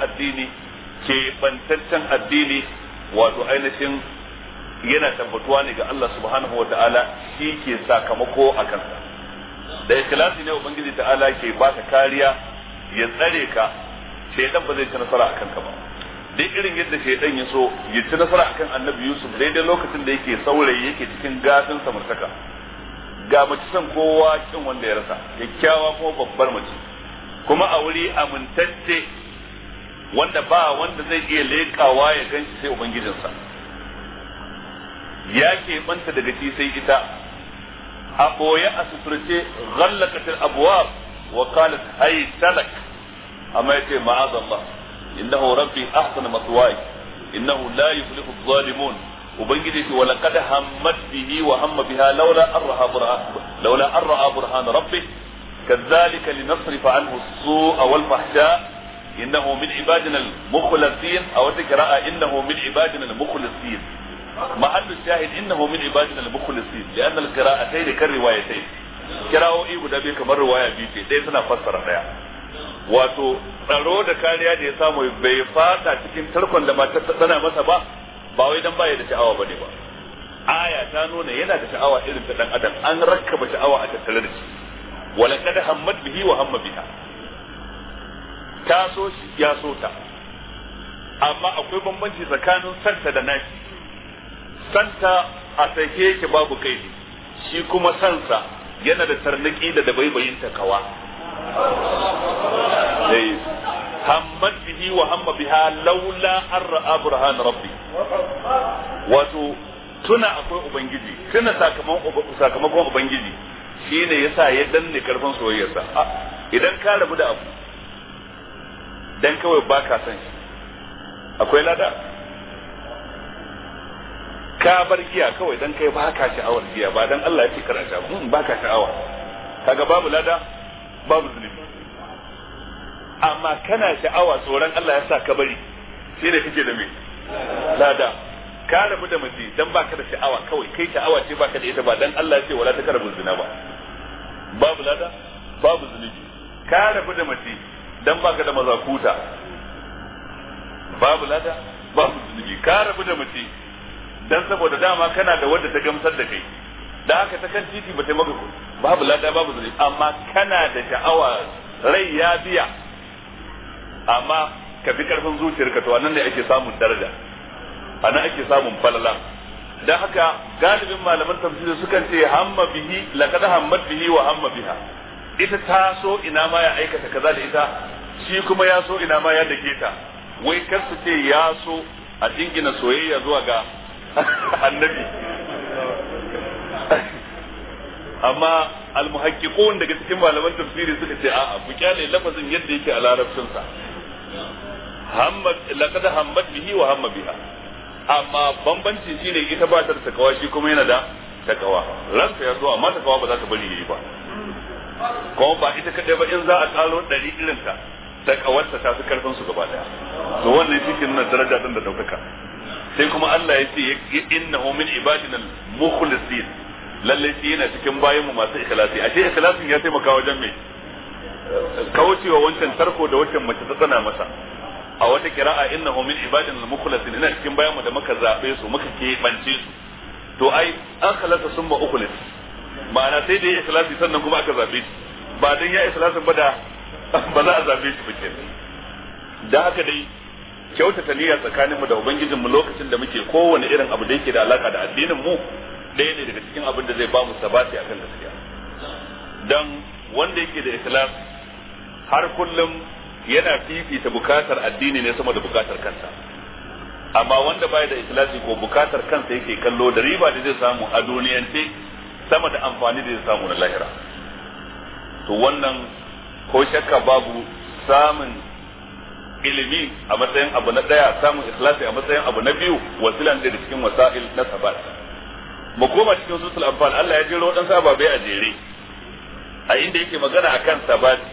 addini ke addini wato ainihin yana tabbatuwa ne ga Allah subhanahu wa ta'ala shi ke sakamako a kansa da ikhlasi ne ubangiji ta'ala ke ba ta kariya ya tsare ka shaidan ba zai ci nasara a kanka ba duk irin yadda shaidan ya so ya ci nasara akan annabi yusuf daidai lokacin da yake saurayi yake cikin gafin samartaka ga mace san kowa kin wanda ya rasa kyakkyawa ko babbar mace kuma a wuri amintacce wanda ba wanda zai iya lekawa ya ganci sai ubangijinsa ya keɓanta daga shi sai ita a ɓoye a suturce ghallakatil abwab wa qalat haytalak amma yace ma'az Allah innahu rabbi ahsana maswaya innahu la yuflihu adh-dhalimun ubangiji ce wa laqad hammat bihi wa hamma biha laula arha burhan laula arha burhan rabbih كذلك لنصرف عنه السوء والفحشاء إنه من عبادنا المخلصين أو تكراء إنه من عبادنا المخلصين محل الشاهد انه من عبادنا المخلصين لان القراءتين al-qira'atayn kan riwayatayn kirawoyi guda biyu kamar riwaya biyu ce ɗaya suna fassara ɗaya wato tsaro da kariya da ya فاتا bai cikin tarkon da mata ta tsana masa ba ba wai dan baya da sha'awa bane ba aya ta nuna yana da sha'awa irin ta dan adam an rakkaba sha'awa a tattare da shi wala kad hammat bihi wa hamma biha ta so shi ya so ta amma akwai bambanci tsakanin santa da nashi santa a sake yake babu kaidi shi kuma sansa yana da tarniki da dabaibayin kawa. dai hammat bihi wa hamma biha laula an ra'a burhan rabbi wato tuna akwai ubangiji tuna sakamakon ubangiji shine yasa ya danne karfin soyayyarsa idan ka rabu da abu dan kawai baka san shi akwai lada ka bar giya kawai dan kai baka sha'awar giya ba dan Allah ya fi kar a ba ka sha'awa kaga babu lada babu zunubi amma kana sha'awa tsoron Allah ya sa ka bari shi ne kake da me lada ka rabu da mace dan baka da sha'awa kawai kai sha'awa ce baka da ita ba dan Allah ya ce wala ta karabu zina ba babu lada babu zunubi ka rabu da mace dan baka da mazakuta babu lada babu zunubi ka rabu da mace dan saboda dama kana da wanda ta gamsar da kai da haka ta kan titi ba ta maka babu lada babu zuri amma kana da sha'awa rai ya biya amma ka bi karfin zuciyarka to nan ne ake samun daraja ana ake samun falala dan haka galibin malaman tafsiri sukan ce hamma bihi laqad hammat bihi wa hamma biha ita ta so ina ma ya aikata kaza da ita shi kuma ya so ina ma ya dake ta wai kar su ce ya so a dingina soyayya zuwa ga annabi amma almuhaqqiqun daga cikin malaman tafsiri suka ce a'a ku kyale lafazin yadda yake a larabcin sa hammat laqad hammat bihi wa hamma biha amma bambanci shine ita ba ta takawa shi kuma yana da takawa ranka ya zo amma takawa ba za ta bari yayi ba kuma ba ita kadai ba in za a karo dari irin ta takawarta ta fi karfin su gaba daya to wannan shi ke daraja din da daukaka sai kuma Allah ya ce innahu min ibadina mukhlisin lalle shi yana cikin bayan mu masu ikhlasi ashe ikhlasin ya taimaka wajen me kaucewa wancan tarko da wancan mace ta tsana masa a wata kira'a innahu min ibadina al-mukhlisin ina cikin bayan mu da muka zabe su muka keɓance su to ai an khalasa summa ukhlis ma'ana sai da ya ikhlasi sannan kuma aka zabe shi ba dan ya ikhlasin ba da ba za a zabe shi ba kenan da haka dai kyautata niyya tsakanin mu da ubangijin mu lokacin da muke kowane irin abu da yake da alaka da addinin mu ɗaya ne daga cikin abin da zai ba mu sabati akan gaskiya dan wanda yake da islam har kullum yana fifita bukatar addini ne sama da bukatar kansa amma wanda baya da ikhlasi ko bukatar kansa yake kallo da riba da zai samu a duniyance sama da amfani da zai samu na lahira to wannan ko shakka babu samun ilimi a matsayin abu na daya samun ikhlasi a matsayin abu na biyu wasilan da cikin wasa'il na sabat mu koma cikin sutul anfal Allah ya jira wadansu ababai a jere a inda yake magana akan sabati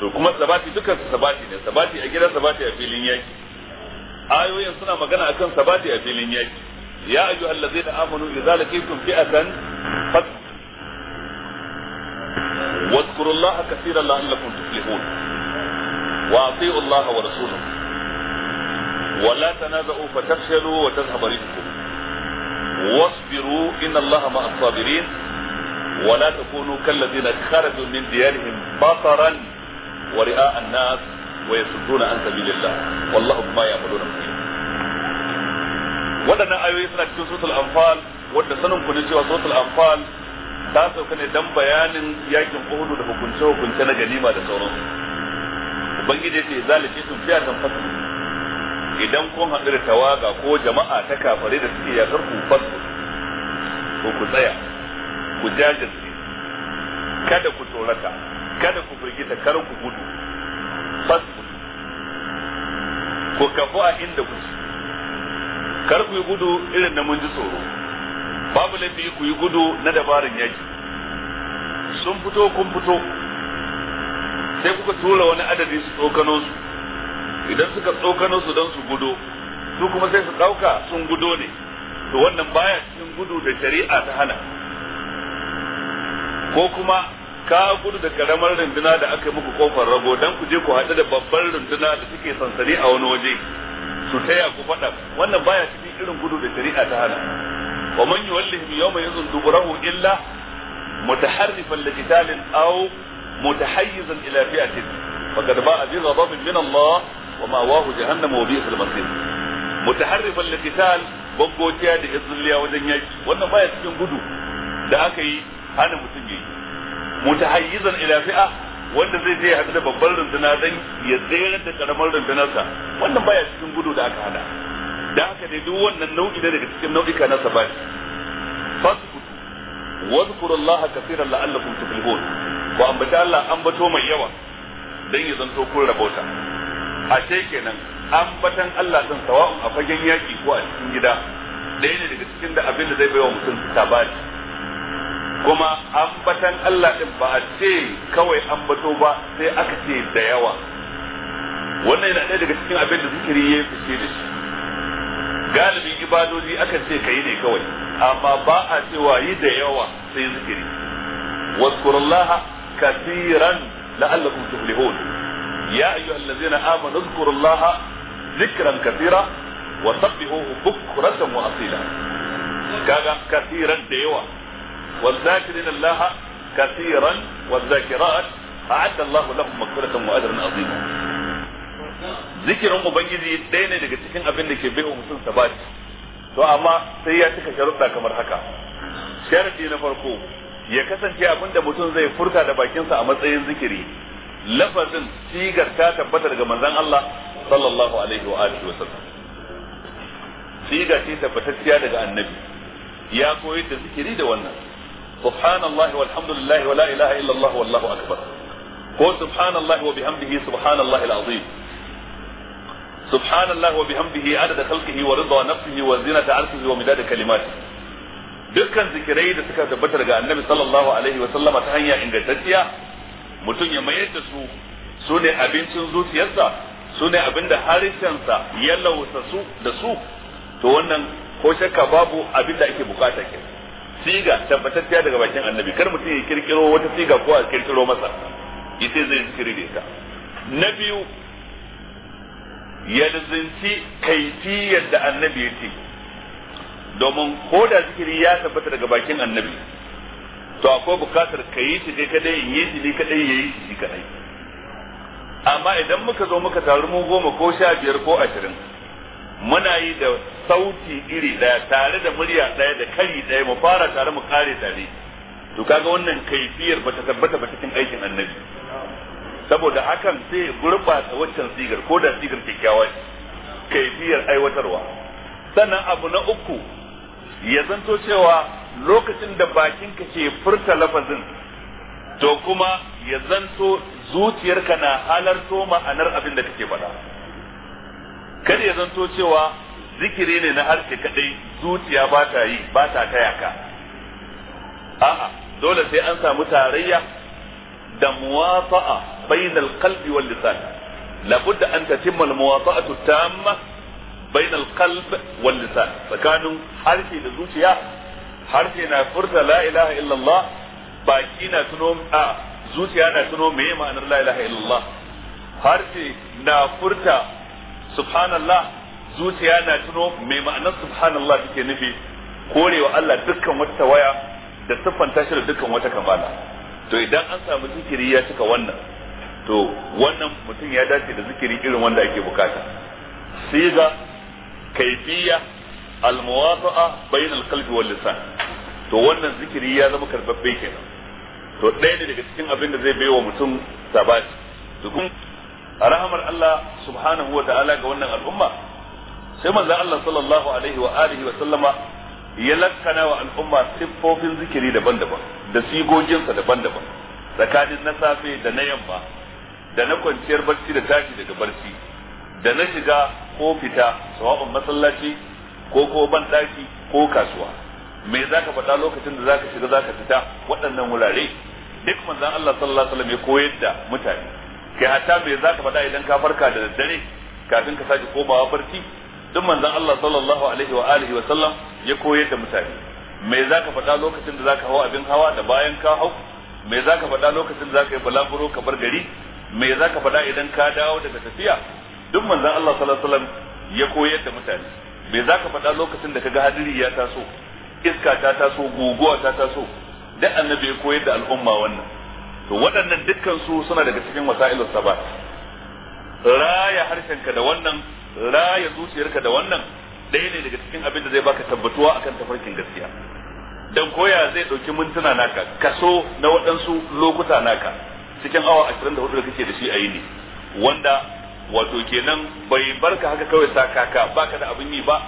to kuma sabati dukkan sabati ne sabati a gidan sabati a filin yaki ayoyin suna magana akan sabati a filin yaki ya ayyuhallazina amanu idza lakaytum fi'atan fat واذكروا الله كثيرا لعلكم wa ati'u Allah wa waɗannan ayoyi suna cikin suratul anfal wanda sanin ku ne cewa suratul ta sauka ne dan bayanin yakin uhudu da hukunce na ganima da sauransu ubangiji ce zalike sun fiya tan fasu idan kun haɗu da tawaga ko jama'a ta kafare da suke yakar ku fasu ko ku tsaya ku jajirce kada ku tsorata kada ku firgita kar ku gudu fasu ku kafu a inda ku kar ku yi gudu irin na mun ji tsoro babu laifi ku yi gudu na dabarin yaki sun fito kun fito sai kuka tura wani adadi su tsokano su idan suka tsokano su don su gudo su kuma sai su ɗauka sun gudo ne to wannan baya cikin gudu da shari'a ta hana ko kuma ka gudu da karamar runduna da aka yi muku kofar rago don ku je ku haɗu da babbar runduna da suke sansani a wani waje su taya ku faɗa wannan baya cikin irin gudu da shari'a ta hana wa man yuwallihim yawma yazun duburahu illa mutaharrifan likitalin aw متحيزا الى فئه فقد باء بغضب من الله ومأواه جهنم وبئس المصير متحرفا للقتال bangotiya da izzuliya wajen yaki wannan baya cikin gudu da aka yi hana mutum yayi mutahayyizan ila fi'a wanda zai je haɗu da babban runduna ya tsere da karamar rundunarsa wannan baya cikin gudu da aka hana da aka dai duk wannan nau'i da daga cikin nau'ika na sabani fasku wazkurullaha ku ambaci Allah ambato mai yawa dan ya zanto kun rabota a ce kenan ambatan Allah din sawa'un a fagen yaki ko a cikin gida ɗaya ne daga cikin da abin da zai baiwa mutum tabari kuma ambatan Allah din ba a ce kawai ambato ba sai aka ce da yawa wannan yana ɗaya daga cikin abin da zikiri ya fice da shi galibin ibadoji aka ce kai ne kawai amma ba a cewa yi da yawa sai zikiri واذكر الله كثيرا لعلكم تفلحون يا أيها الذين آمنوا اذكروا الله ذكرا كثيرا وسبحوه بكرة وأصيلا كان كثيرا ديوا والذاكرين الله كثيرا والذاكرات أعد الله لهم مغفرة وأجرا عظيما zikirin ubangiji ɗaya ne daga cikin abin da ke bai wa mutum sabati to amma sai ya cika sharuɗa kamar haka sharadi na farko ya kasance abin da mutum zai furta da bakinsa a matsayin zikiri lafazin sigar ta tabbata daga manzan Allah sallallahu alaihi wa alihi wasallam sigar ce tabbatacciya daga annabi ya koyi da zikiri da wannan subhanallah walhamdulillah wa la ilaha illallah wallahu akbar ko subhanallah wa bihamdihi subhanallah alazim subhanallah wa bihamdihi adada khalqihi wa rida nafsihi wa zinata arshihi wa midada kalimatihi dukkan zikirai da suka tabbatar daga annabi sallallahu alaihi wa sallama ta hanya ingantacciya mutum ya mayar da su su ne abincin zuciyarsa su ne abin da ya lausa su da su to wannan ko shakka babu abin da ake bukata ke siga tabbatacciya daga bakin annabi kar mutum ya kirkiro wata siga ko a kirkiro masa ita zai zikiri da ita na biyu yalzinci kaifiyar da annabi ya ce domin ko da zikiri ya tabbata daga bakin annabi to akwai bukatar ka yi shi kai kadai in yi shi dai kadai ya yi shi kadai amma idan muka zo muka taru mu goma ko sha biyar ko ashirin muna yi da sauti iri daya tare da murya daya da kari daya mu fara tare mu kare tare to kaga wannan kaifiyar bata tabbata ba cikin aikin annabi saboda hakan sai gurbata waccan sigar ko da sigar kyakkyawa kaifiyar aiwatarwa sannan abu na uku ya zanto cewa lokacin da bakinka ke furta lafazin to kuma ya zanto zuciyarka na halarto ma'anar abin da kake faɗa kada ya zanto cewa zikiri ne na harshe kadai zuciya ba ta yi ba ta taya ka a'a dole sai an samu tarayya da muwafa'a bainal qalbi wal lisan labudda an tatimma al muwafa'atu tamma bainal tsakanin harshe da zuciya harshe na furta la ilaha illallah baki na tuno a zuciya na tuno meye ma'anar la ilaha illallah harshe na furta subhanallah zuciya na tuno me ma'anar subhanallah take nufi korewa Allah dukkan wata waya da siffanta shi da dukkan wata kamala to idan an samu zikiri ya cika wannan to wannan mutum ya dace da zikiri irin wanda ake bukata siga kaifiya almuwafa'a bainal qalbi wal to wannan zikiri ya zama karbabbe kenan to ɗaya ne daga cikin abin da zai bai wa mutum sabati dukun rahamar Allah subhanahu wa ta'ala ga wannan al'umma sai manzo Allah sallallahu alaihi wa alihi wa sallama ya lakkana wa al'umma siffofin zikiri daban-daban da sigoginsa daban-daban tsakanin na safe da na yamma da na kwanciyar barci da tashi daga barci da na shiga ko fita sawa'un masallaci ko ko ban daki ko kasuwa me zaka faɗa lokacin da zaka shiga zaka fita waɗannan wurare duk manzon Allah sallallahu alaihi wasallam ya koyar da mutane kai hatta me zaka faɗa idan ka farka da daddare kafin ka sake komawa barci duk manzon Allah sallallahu alaihi wa alihi wa sallam ya koyar da mutane me zaka faɗa lokacin da zaka hawa abin hawa da bayan ka hau me zaka faɗa lokacin da zaka yi bulaburo ka bar gari me zaka faɗa idan ka dawo daga tafiya duk manzan Allah sallallahu alaihi wasallam ya koyar da mutane me zaka faɗa lokacin da kaga hadiri ya taso iska ta taso guguwa ta taso duk annabi ya koyar da al'umma wannan to waɗannan dukkan su suna daga cikin wasailus sabat raya harshenka da wannan raya zuciyarka da wannan ɗaya ne daga cikin abin da zai baka tabbatuwa akan tafarkin gaskiya dan koya zai ɗauki mintuna naka kaso na waɗansu lokuta naka cikin awa 24 da kake da shi a yini wanda wato kenan bai barka haka kawai sa kaka baka da abin yi ba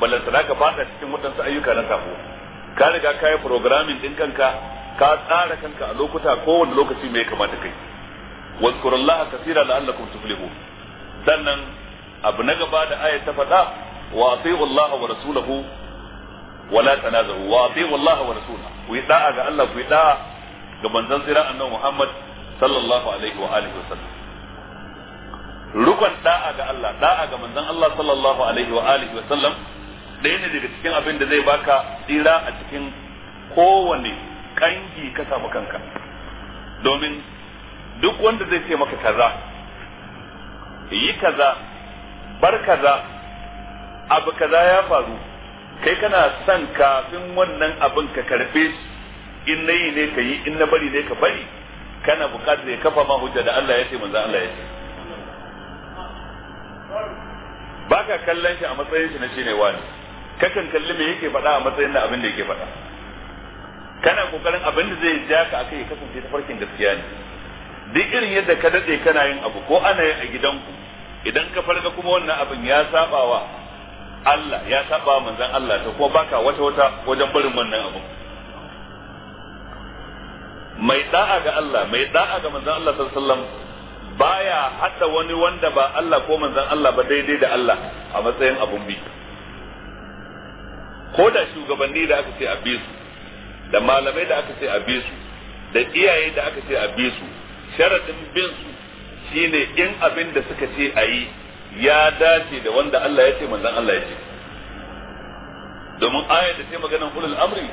balantana ka fada cikin waɗansu ayyuka na sabo ka riga ka yi programming din kanka ka tsara kanka a lokuta kowane lokaci mai kamata kai wazkurullaha kaseera la'allakum tuflihu sannan abu na gaba da ayat ta faɗa wa atiiu Allah wa rasulahu wa la tanazahu wa atiiu Allah wa rasulahu ku yi da'a ga Allah ku yi da'a ga manzon sira annabi Muhammad sallallahu alaihi wa alihi wasallam rukun da'a ga Allah da'a ga manzon Allah sallallahu alaihi wa alihi wa sallam ɗaya ne daga cikin abin da zai baka tsira a cikin kowane kangi ka samu kanka domin duk wanda zai ce maka kaza yi kaza bar kaza abu kaza ya faru kai kana son kafin wannan abin ka karɓi in na yi ne ka yi in na bari ne ka bari kana bukatar ya kafa ma hujja da Allah ya ce manzon Allah ya ce ba ka kallon shi a matsayin shi na shine wani kakan kalli me yake faɗa a matsayin na abin da yake faɗa kana kokarin abin da zai ja ka akai ya kasance ta farkin gaskiya ne duk irin yadda ka dade kana yin abu ko ana yin a gidanku idan ka farga kuma wannan abin ya sabawa Allah ya saba manzon Allah ta kuma baka wata wata wajen barin wannan abu mai da'a ga Allah mai da'a ga manzon Allah sallallahu alaihi wasallam baya hada wani wanda ba Allah ko manzon Allah ba daidai da Allah a matsayin abun bi ko da shugabanni da aka ce a bi su da malamai da aka ce a bi su da iyaye da aka ce a bi su sharadin bin su shine in abin da suka ce a yi ya dace da wanda Allah ya ce manzon Allah ya ce domin ayat da ta maganan ulul amri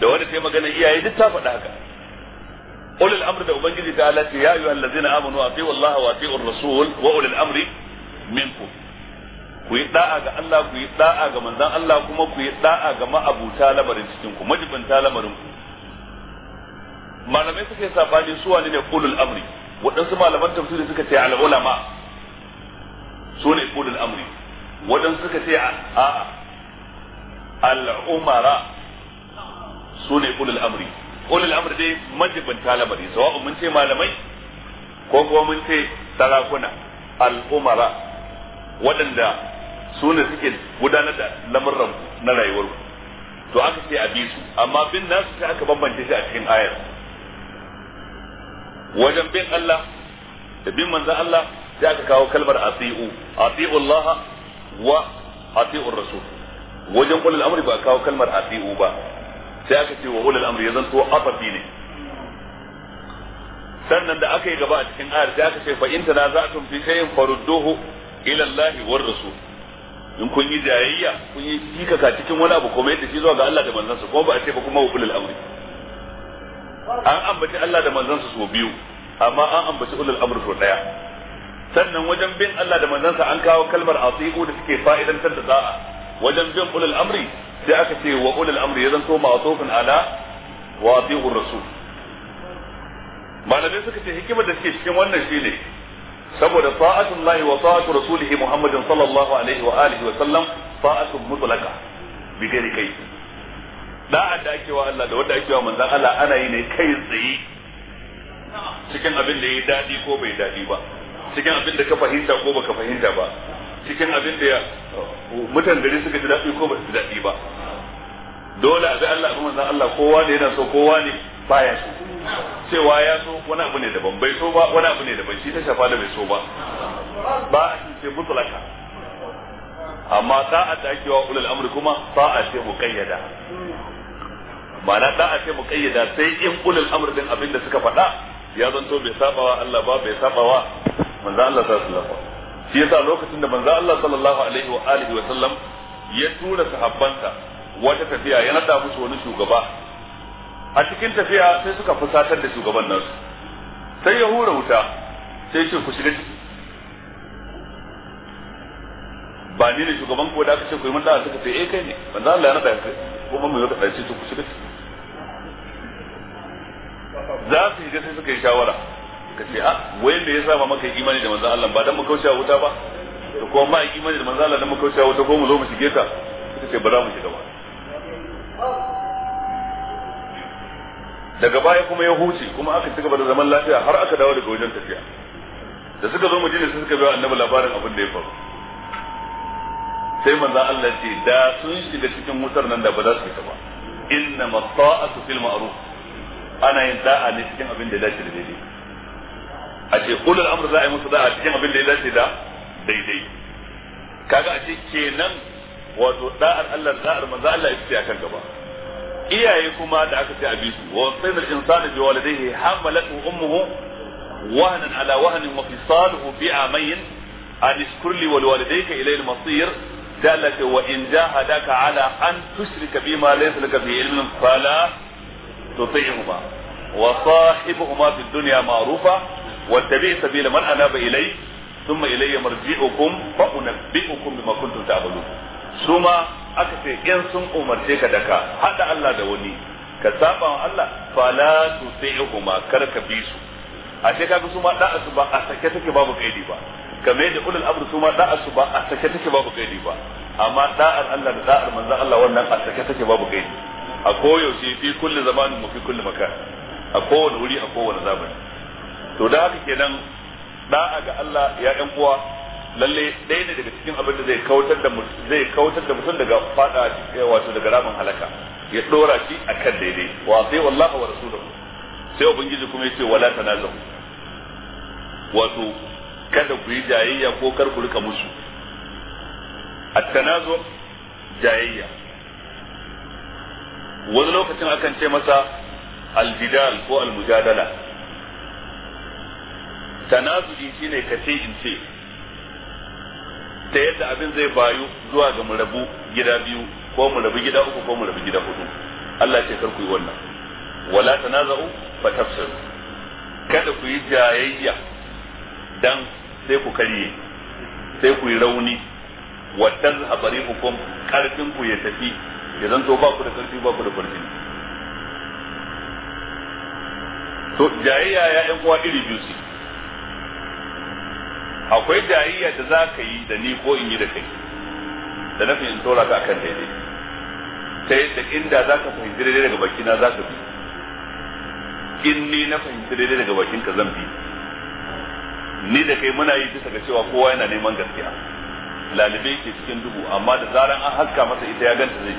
da wanda ta maganan iyaye duk ta faɗa haka ulul amri da ubangiji ta Allah ya ayu allazina amanu atiu Allah wa atiu rasul wa ulul ku yi da'a ga Allah ku yi da'a ga manzon Allah kuma ku yi da'a ga ma'abuta lamarin cikin ku majibanta lamarin ku malamai suke sabani su wane ne ulul amri waɗansu malaman tafsiri suka ce al ulama su ne ulul amri waɗansu suka ce a al umara su ne ulul amri ulul amr dai majibinta lamari sawa'un mun ce malamai ko kuma mun ce sarakuna al'umara waɗanda su ne suke gudanar da lamurran na rayuwar to aka ce a bisu amma bin nasu sai aka bambance shi a cikin ayar wajen bin Allah da bin manzan Allah sai aka kawo kalmar asi'u asi'u Allah wa asi'u rasul wajen kullul amri ba kawo kalmar asi'u ba sai aka ce wa ulul amri yazan to afafi ne sannan da aka yi gaba a cikin ayar sai aka ce fa a tanaza'tum fi shay'in farudduhu ila Allah war rasul in kun yi jayayya kun yi kikaka cikin wani abu kuma yadda shi zuwa ga Allah da manzansa kuma ba a ce ba kuma wa ulul amri an ambaci Allah da manzansa so biyu amma an ambaci ulul amri so daya sannan wajen bin Allah da manzansa an kawo kalmar asiqu da suke fa'idantar da da'a wajen bin ulul amri sai aka ce wa ulul amri ya zanto ma'tufun ala wa atiur rasul malamai suka ce hikimar da suke cikin wannan shine saboda ta'atul lahi wa ta'atu rasulihi muhammadin sallallahu alaihi wa alihi wa sallam bi kai da ake wa Allah da wanda ake wa manzon Allah ana yi ne kai tsaye cikin abin da ya daɗi ko bai daɗi ba cikin abin da ka fahimta ko baka fahimta ba cikin abin da ya mutan gari suka ji daɗi ko ba su ji daɗi ba dole a bi Allah abin manzon Allah kowa ne yana so kowa ne baya so cewa ya so wani abu ne daban bai so ba wani abu ne daban shi ta shafa da bai so ba ba a ce mutlaka amma sa'a da ake wa ulul amri kuma sa'a ce mu muqayyada ma'ana ta a ce muqayyada sai in ulul amri din abin da suka faɗa ya zanto bai sabawa Allah ba bai sabawa manzo Allah sallallahu alaihi wasallam shi yasa lokacin da manzo Allah sallallahu alaihi wa alihi wa sallam ya tura sahabbansa wata tafiya ya nada musu wani shugaba a cikin tafiya sai suka fusatar da shugaban nasu sai ya hura wuta sai ce ku shiga ciki ba ni ne shugaban ko da aka ce ku yi mun da suka ce eh kai ne manzo Allah ya nada ko kuma mu yau ka ce ku shiga ciki za su yi sai suka yi shawara ka ce a ah, wayan da ya saba maka imani da manzon Allah ba dan mu kauce wuta ba to ko ma imani da manzon Allah dan mu kauce wuta ko mu zo mu shige ta ita ce ba za mu shiga ba daga baya kuma ya huce kuma aka ci gaba da zaman lafiya har aka dawo daga wajen tafiya da suka zo madina sai suka biya annabi labarin abin da ya faru sai manzo Allah ce da sun shiga cikin wutar nan da ba za su fita ba inna mata'atu fil ma'ruf ana yin da'a ne cikin abin da ya dace da daidai a ce kula al'amur za a yi musu da a cikin abin da ya dace da daidai kaga a ce kenan wato da'ar Allah da'ar manzo Allah ya ce akan gaba iyaye kuma da aka ce a bi su wa sayna al insani bi walidayhi hamalatu ummuhu wahnan ala wahnin wa fisaluhu bi amayn an ishkur li walidayka liwalidayka masir dalaka wa in jahadaka ala an tushrika bima laysa laka bi ilmin fala tuti'huma wa sahibuhuma fid dunya ma'rufa wattabi sabila man anaba ilai thumma ilayya marji'ukum fa unabbi'ukum bima kuntum ta'malun su ma aka ce in sun umarce ka da ka hada Allah da wani ka saba wa Allah fala tusi'uhuma kar ka bi su a ce kaga su ma da'a su ba a sake take babu kaidi ba kamar da ulul amr su ma da'a su ba a sake take babu kaidi ba amma da'ar Allah da da'ar manzon Allah wannan a sake take babu kaidi a koyaushe fi kulli zamanin mu fi kulli makan a kowane wuri a kowane zamani to da haka kenan da'a ga Allah ya yan uwa lalle ɗaya ne daga cikin abin da zai kautar da zai kautar da mutum daga fada eh, wato daga ramin halaka ya dora shi akan daidai wa sai wallahi wa rasuluhu sai ubangiji kuma yace wala tanazu wato kada ku yi jayayya ko kar ku rika musu at-tanazu jayayya wani lokacin akan ce masa al-jidal ko al-mujadala tanazuli shine ka ce in ce ta yadda abin zai bayu zuwa ga mu rabu gida biyu ko mu rabu gida uku ko mu rabu gida hudu Allah ce kar ku yi wannan wala tanaza'u fa tafsir kada ku yi jayayya dan sai ku karye sai ku yi rauni wa tazhaba rihukum karfin ku ya tafi ya zanto ba ku da karfi ba ku da farji to jayayya ya yan uwa iri biyu akwai jayayya da za ka yi da ni ko in yi da kai da nafi in tsora ka akan daidai ta yadda inda za ka fahimci daidai daga bakina za ka bi in ni na fahimci daidai daga bakinka zan bi ni da kai muna yi bisa ga cewa kowa yana neman gaskiya lalibe ke cikin dubu, amma da zaran an haska masa ita ya ganta zai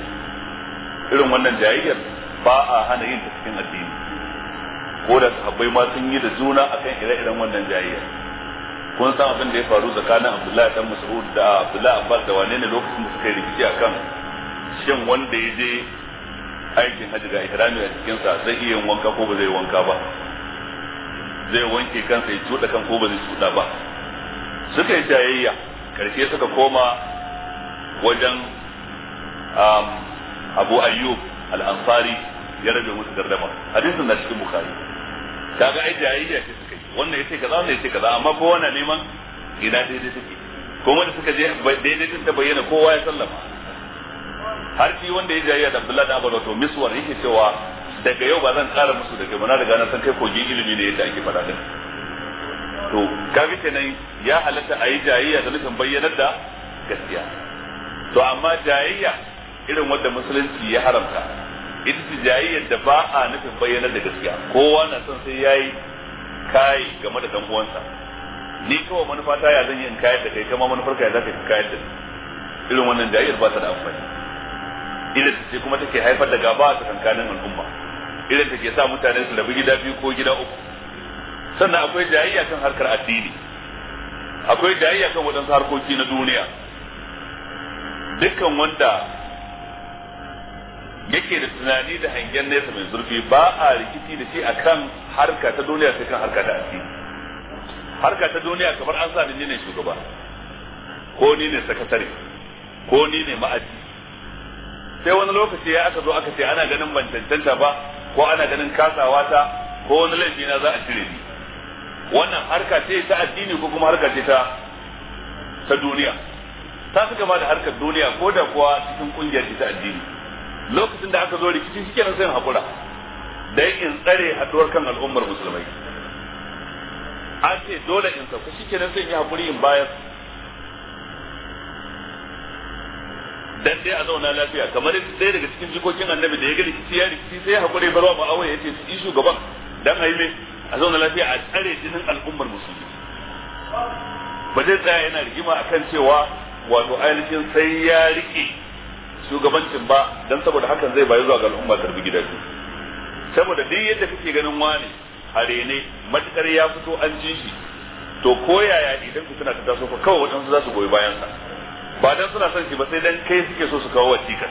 irin wannan jayayyar ba a hana yin ta cikin addini ko da sahabbai ma sun yi da juna akan ire-iren wannan jayayyar kun san abin da ya faru tsakanin Abdullahi dan Mas'ud da Abdullahi Abbas da wane ne lokacin da suka yi rikici akan shin wanda ya je aikin hajji ga ihrami a cikin sa zai iya wanka ko ba zai wanka ba zai wanke kansa ya tuda kan ko ba zai tuda ba suka yi tayayya. karshe suka koma wajen um, Abu Ayyub al-Ansari ya rage musu gardama hadisin na cikin Bukhari kaga ai jayayya ce wannan yace kaza wannan yace kaza amma kowa na neman gida daidai take ko wanda suka je daidai din ta bayyana kowa ya sallama har shi wanda ya jayi da Abdullahi da Abu to miswar yake cewa daga yau ba zan ƙara musu da kai ba na riga na san kai kogin ilimi ne yadda ake faɗa din to kaga kenan ya halatta a yi jayayya da nufin bayyanar da gaskiya to amma jayayya irin wanda musulunci ya haramta ita ce jayayyar da ba a nufin bayyanar da gaskiya kowa na son sai ya yi. kai game da dan uwansa ni kawai manufa ta ya zan yi in kayar da kai kama manufar ka ya za ka kayar da irin wannan jayyar ba ta da amfani irin ta ce kuma take haifar da gaba a tsakankanin al'umma irin ta ke sa mutane su labi gida biyu ko gida uku sannan akwai jayayya kan harkar addini akwai jayayya kan waɗansu harkoki na duniya dukkan wanda yake da tunani da hangen nesa mai zurfi ba a rikici da shi akan harka ta duniya sai kan harka ta addini harka ta duniya kamar an sa ni ne shugaba ko ni ne sakatare ko ni ne ma'aji sai wani lokaci ya aka zo aka ce ana ganin ban cancanta ba ko ana ganin kasawa ta ko wani laifi na za a cire ni wannan harka ce ta addini ko kuma harka ce ta ta duniya ta suka ba da harkar duniya ko da kuwa cikin kungiyar ta addini lokacin da aka zo rikici shi kenan sai hakura dai in tsare haduwar kan al'ummar musulmai an ce dole in sauka shi kenan sai in yi hakuri in bayar dan dai a zauna lafiya kamar dai daga cikin jikokin annabi da ya ga rikici ya rikici sai ya hakuri barwa ba awai yace shi shugaban dan ayi me a zauna lafiya a tsare jinin al'ummar musulmi ba zai tsaya yana rigima akan cewa wato ainihin sai ya rike shugabancin ba dan saboda hakan zai bayu zuwa ga al'umma tarbi gida biyu saboda duk yadda kake ganin wani hare ne matukar ya fito an ji shi to ko idan fitina ta taso fa kawai su za su goyi bayan sa ba dan suna son shi ba sai dan kai suke so su kawo wasiƙa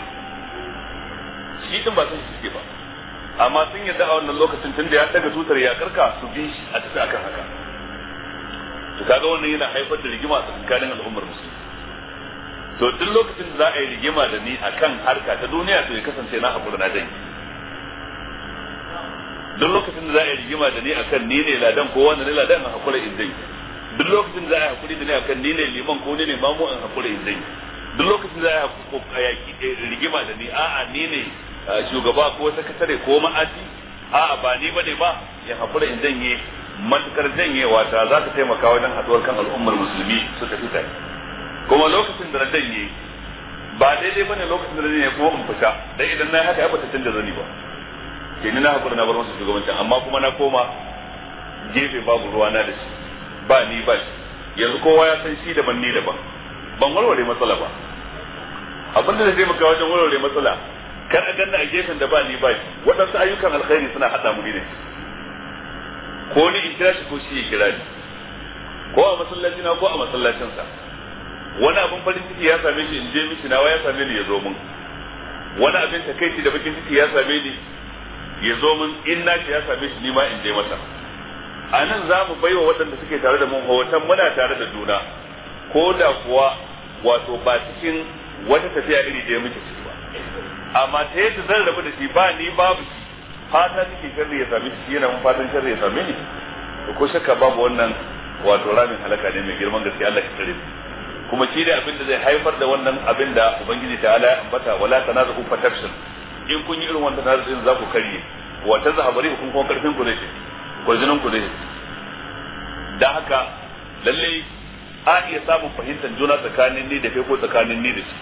shi din ba son shi suke ba amma sun yi a wannan lokacin tun da ya daga tutar ya karka su bi shi a tafi akan haka to kaga wannan yana haifar da rigima a tsakanin al'ummar musulmi to duk lokacin da za a yi rigima da ni a kan harka ta duniya to ya kasance na haƙura na dangi duk lokacin da za a yi rigima da ni a kan ni ne ladan ko wani ne ladan na haƙura in dangi duk lokacin da za a yi haƙuri da ni kan ni ne liman ko ni ne mamu in haƙura in dangi duk lokacin da za a yi eh, rigima da ni a'a ni ne shugaba ko sakatare ko ma'aji a'a ba ni bane ba ya haƙura in dangi matukar janyewa ta za ta taimaka wajen haduwar kan al'ummar musulmi suka fi tsaye kuma lokacin da na yayi ba daidai ba ne lokacin da radan yayi kuma in fita dan idan na yi haka ya bata canza zani ba ni na haƙura na bar masa shugabancin amma kuma na koma gefe babu ruwa na da shi ba ni ba shi yanzu kowa ya san shi daban ni daban ban warware matsala ba abinda da zai maka wajen warware matsala kar a ganna a gefen da ba ni ba shi waɗansu ayyukan alkhairi suna haɗa mu ne ko ni in kira shi ko shi ya kira ni ko a masallacin na ko a masallacinsa wani abin farin ciki ya same shi in je miki nawa ya same ni ya zo mun wani abin ta takaici da bakin ciki ya same ni ya zo mun in nashi ya same shi ni ma in je masa a nan za mu baiwa waɗanda suke tare da mu hoton muna tare da juna ko da kuwa wato ba cikin wata tafiya iri da ya muke ciki ba amma ta yadda zan rabu da shi ba ni babu shi fata cikin sharri ya same shi yana mun fatan sharri ya same ni ko shakka babu wannan wato ramin halaka ne mai girman gaske Allah ka tsare mu kuma shi ne abin da zai haifar da wannan abin da ubangiji ta ala ambata wala ta nazu tafshil in kun yi irin wanda na din za ku karye wa zahabari kun kuma karfin ku zai kurjinin ku zai Da haka lalle a iya samun fahimtar juna tsakanin ni da kai ko tsakanin ni da shi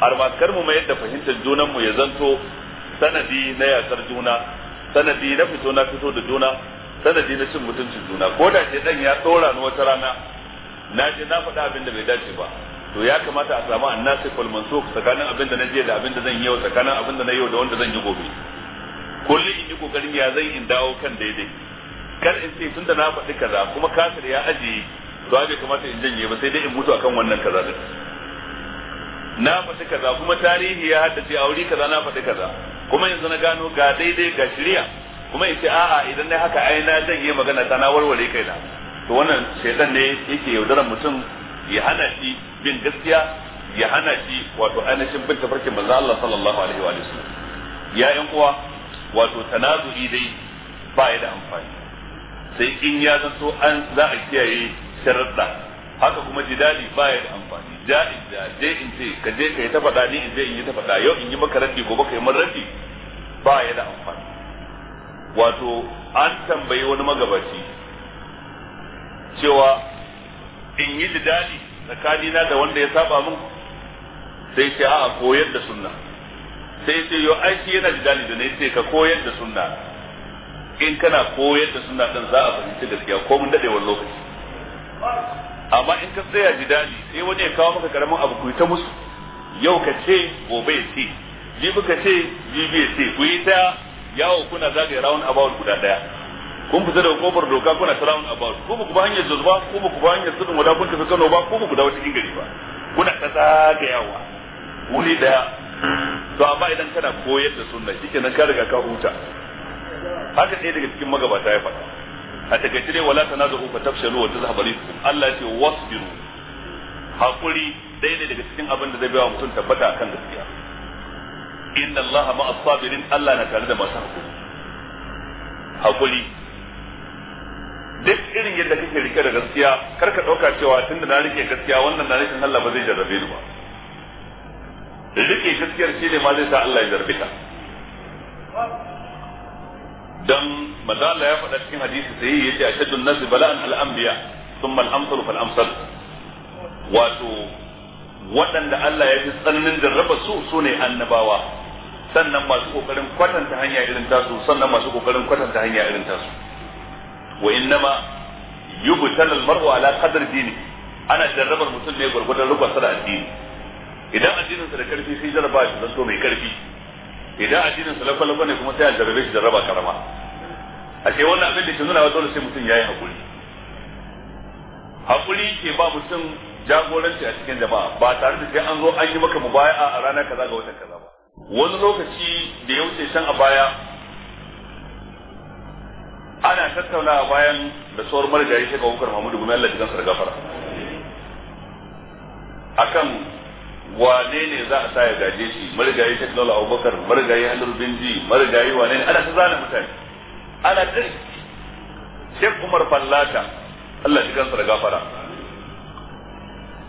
armakar mu mai yadda fahimtar junan mu ya zanto sanadi na yakar juna sanadi na fito na fito da juna sanadi na cin mutuncin juna ko da ke dan ya tsora ni wata rana na je na faɗa abin da bai dace ba to ya kamata a samu annasif wal mansukh tsakanin abin da na je da abin da zan yi yau tsakanin abin da na yau da wanda zan yi gobe kullum in yi kokarin ya zan in dawo kan daidai kar in ce tunda na faɗi kaza kuma kafir ya ajiye to bai kamata in janye ba sai dai in mutu akan wannan kaza din na faɗi kaza kuma tarihi ya haddace a wuri kaza na faɗi kaza kuma yanzu na gano ga daidai ga shirya kuma in ce a'a idan na haka ai na janye magana ta na warware kaina to wannan shaitan ne yake yaudaran mutum ya hana shi bin gaskiya ya hana shi wato ainihin bin tafarkin manzo Allah sallallahu alaihi wa sallam ya yan uwa wato tanazu'i dai ba ya da amfani sai in ya zanto an za a kiyaye sharadda haka kuma jidali ba ya da amfani ja'in da je in ce ka je ka yi ta faɗa ni in je in yi ta faɗa yau in yi maka raddi gobe ka yi min raddi ba ya da amfani wato an tambayi wani magabaci cewa in yi lidali tsakanina da wanda ya saba mun sai ce a koyar da sunna sai ce yo ai shi yana lidali da ne sai ka koyar da sunna in kana koyar da sunna din za a fahimci gaskiya ko mun wannan lokaci amma in ka tsaya lidali sai wani ya kawo maka karamin abu ku ta musu yau ka ce gobe ya ce jibi ka ce jibi ya ce ku yi ta yawo kuna zagaye rawan abawar guda daya kun fita daga kofar doka kuna ta round about ko ba ku ba hanyar jazba ko ba ku ba hanyar tudun wada kun tafi Kano ba ko ba ku dawo cikin gari ba kuna ta yawa. wuri daya to amma idan kana koyar da sunna kenan ka riga ka huta haka ɗaya daga cikin magabata ya faɗa a takaice dai wala tanazu fa tafshalu wa tazhabu rikum Allah ya ce wasbiru hakuri ɗaya ne daga cikin abin da zai bayar mutum tabbata akan gaskiya inna Allah ma'as sabirin Allah na tare da masu hakuri hakuri duk irin yadda kake rike da gaskiya kar ka dauka cewa tunda na rike gaskiya wannan na rikin Allah ba zai jarrabe ni ba rike gaskiyar shi ne ma zai sa Allah ya jarrabe ka dan manzo Allah ya faɗa cikin hadisi sai yace ashaddu an-nas bala'an al-anbiya thumma al-amsal al amsal wato waɗanda Allah ya fi tsananin jarraba su su ne annabawa sannan masu kokarin kwatanta hanya irin tasu sannan masu kokarin kwatanta hanya irin tasu wa innama yubtal al-mar'u ala qadri dini ana jarrabar mutum ne gurgurdan rukunsa da addini idan addinin sa da karfi sai jarraba shi dan so mai karfi idan addinin sa lafa ne kuma sai a jarrabe shi jarraba karama a ce wannan abin da ke nuna wa dole sai mutum yayi hakuri hakuri ke ba mutum jagoranci a cikin jama'a ba tare da sai an zo an yi maka mubaya'a a rana kaza ga watan kaza ba wani lokaci da ya wuce can a baya ana tattauna bayan da tsohon marigayi shi kawukar Muhammadu Gumi Allah jikansa da gafara kan, wane ne za a sa ya gaje shi marigayi shi lola Abubakar marigayi Hannun Binji marigayi wane ne ana ta zana mutane ana ta Sheikh Umar Fallata Allah jikansa da gafara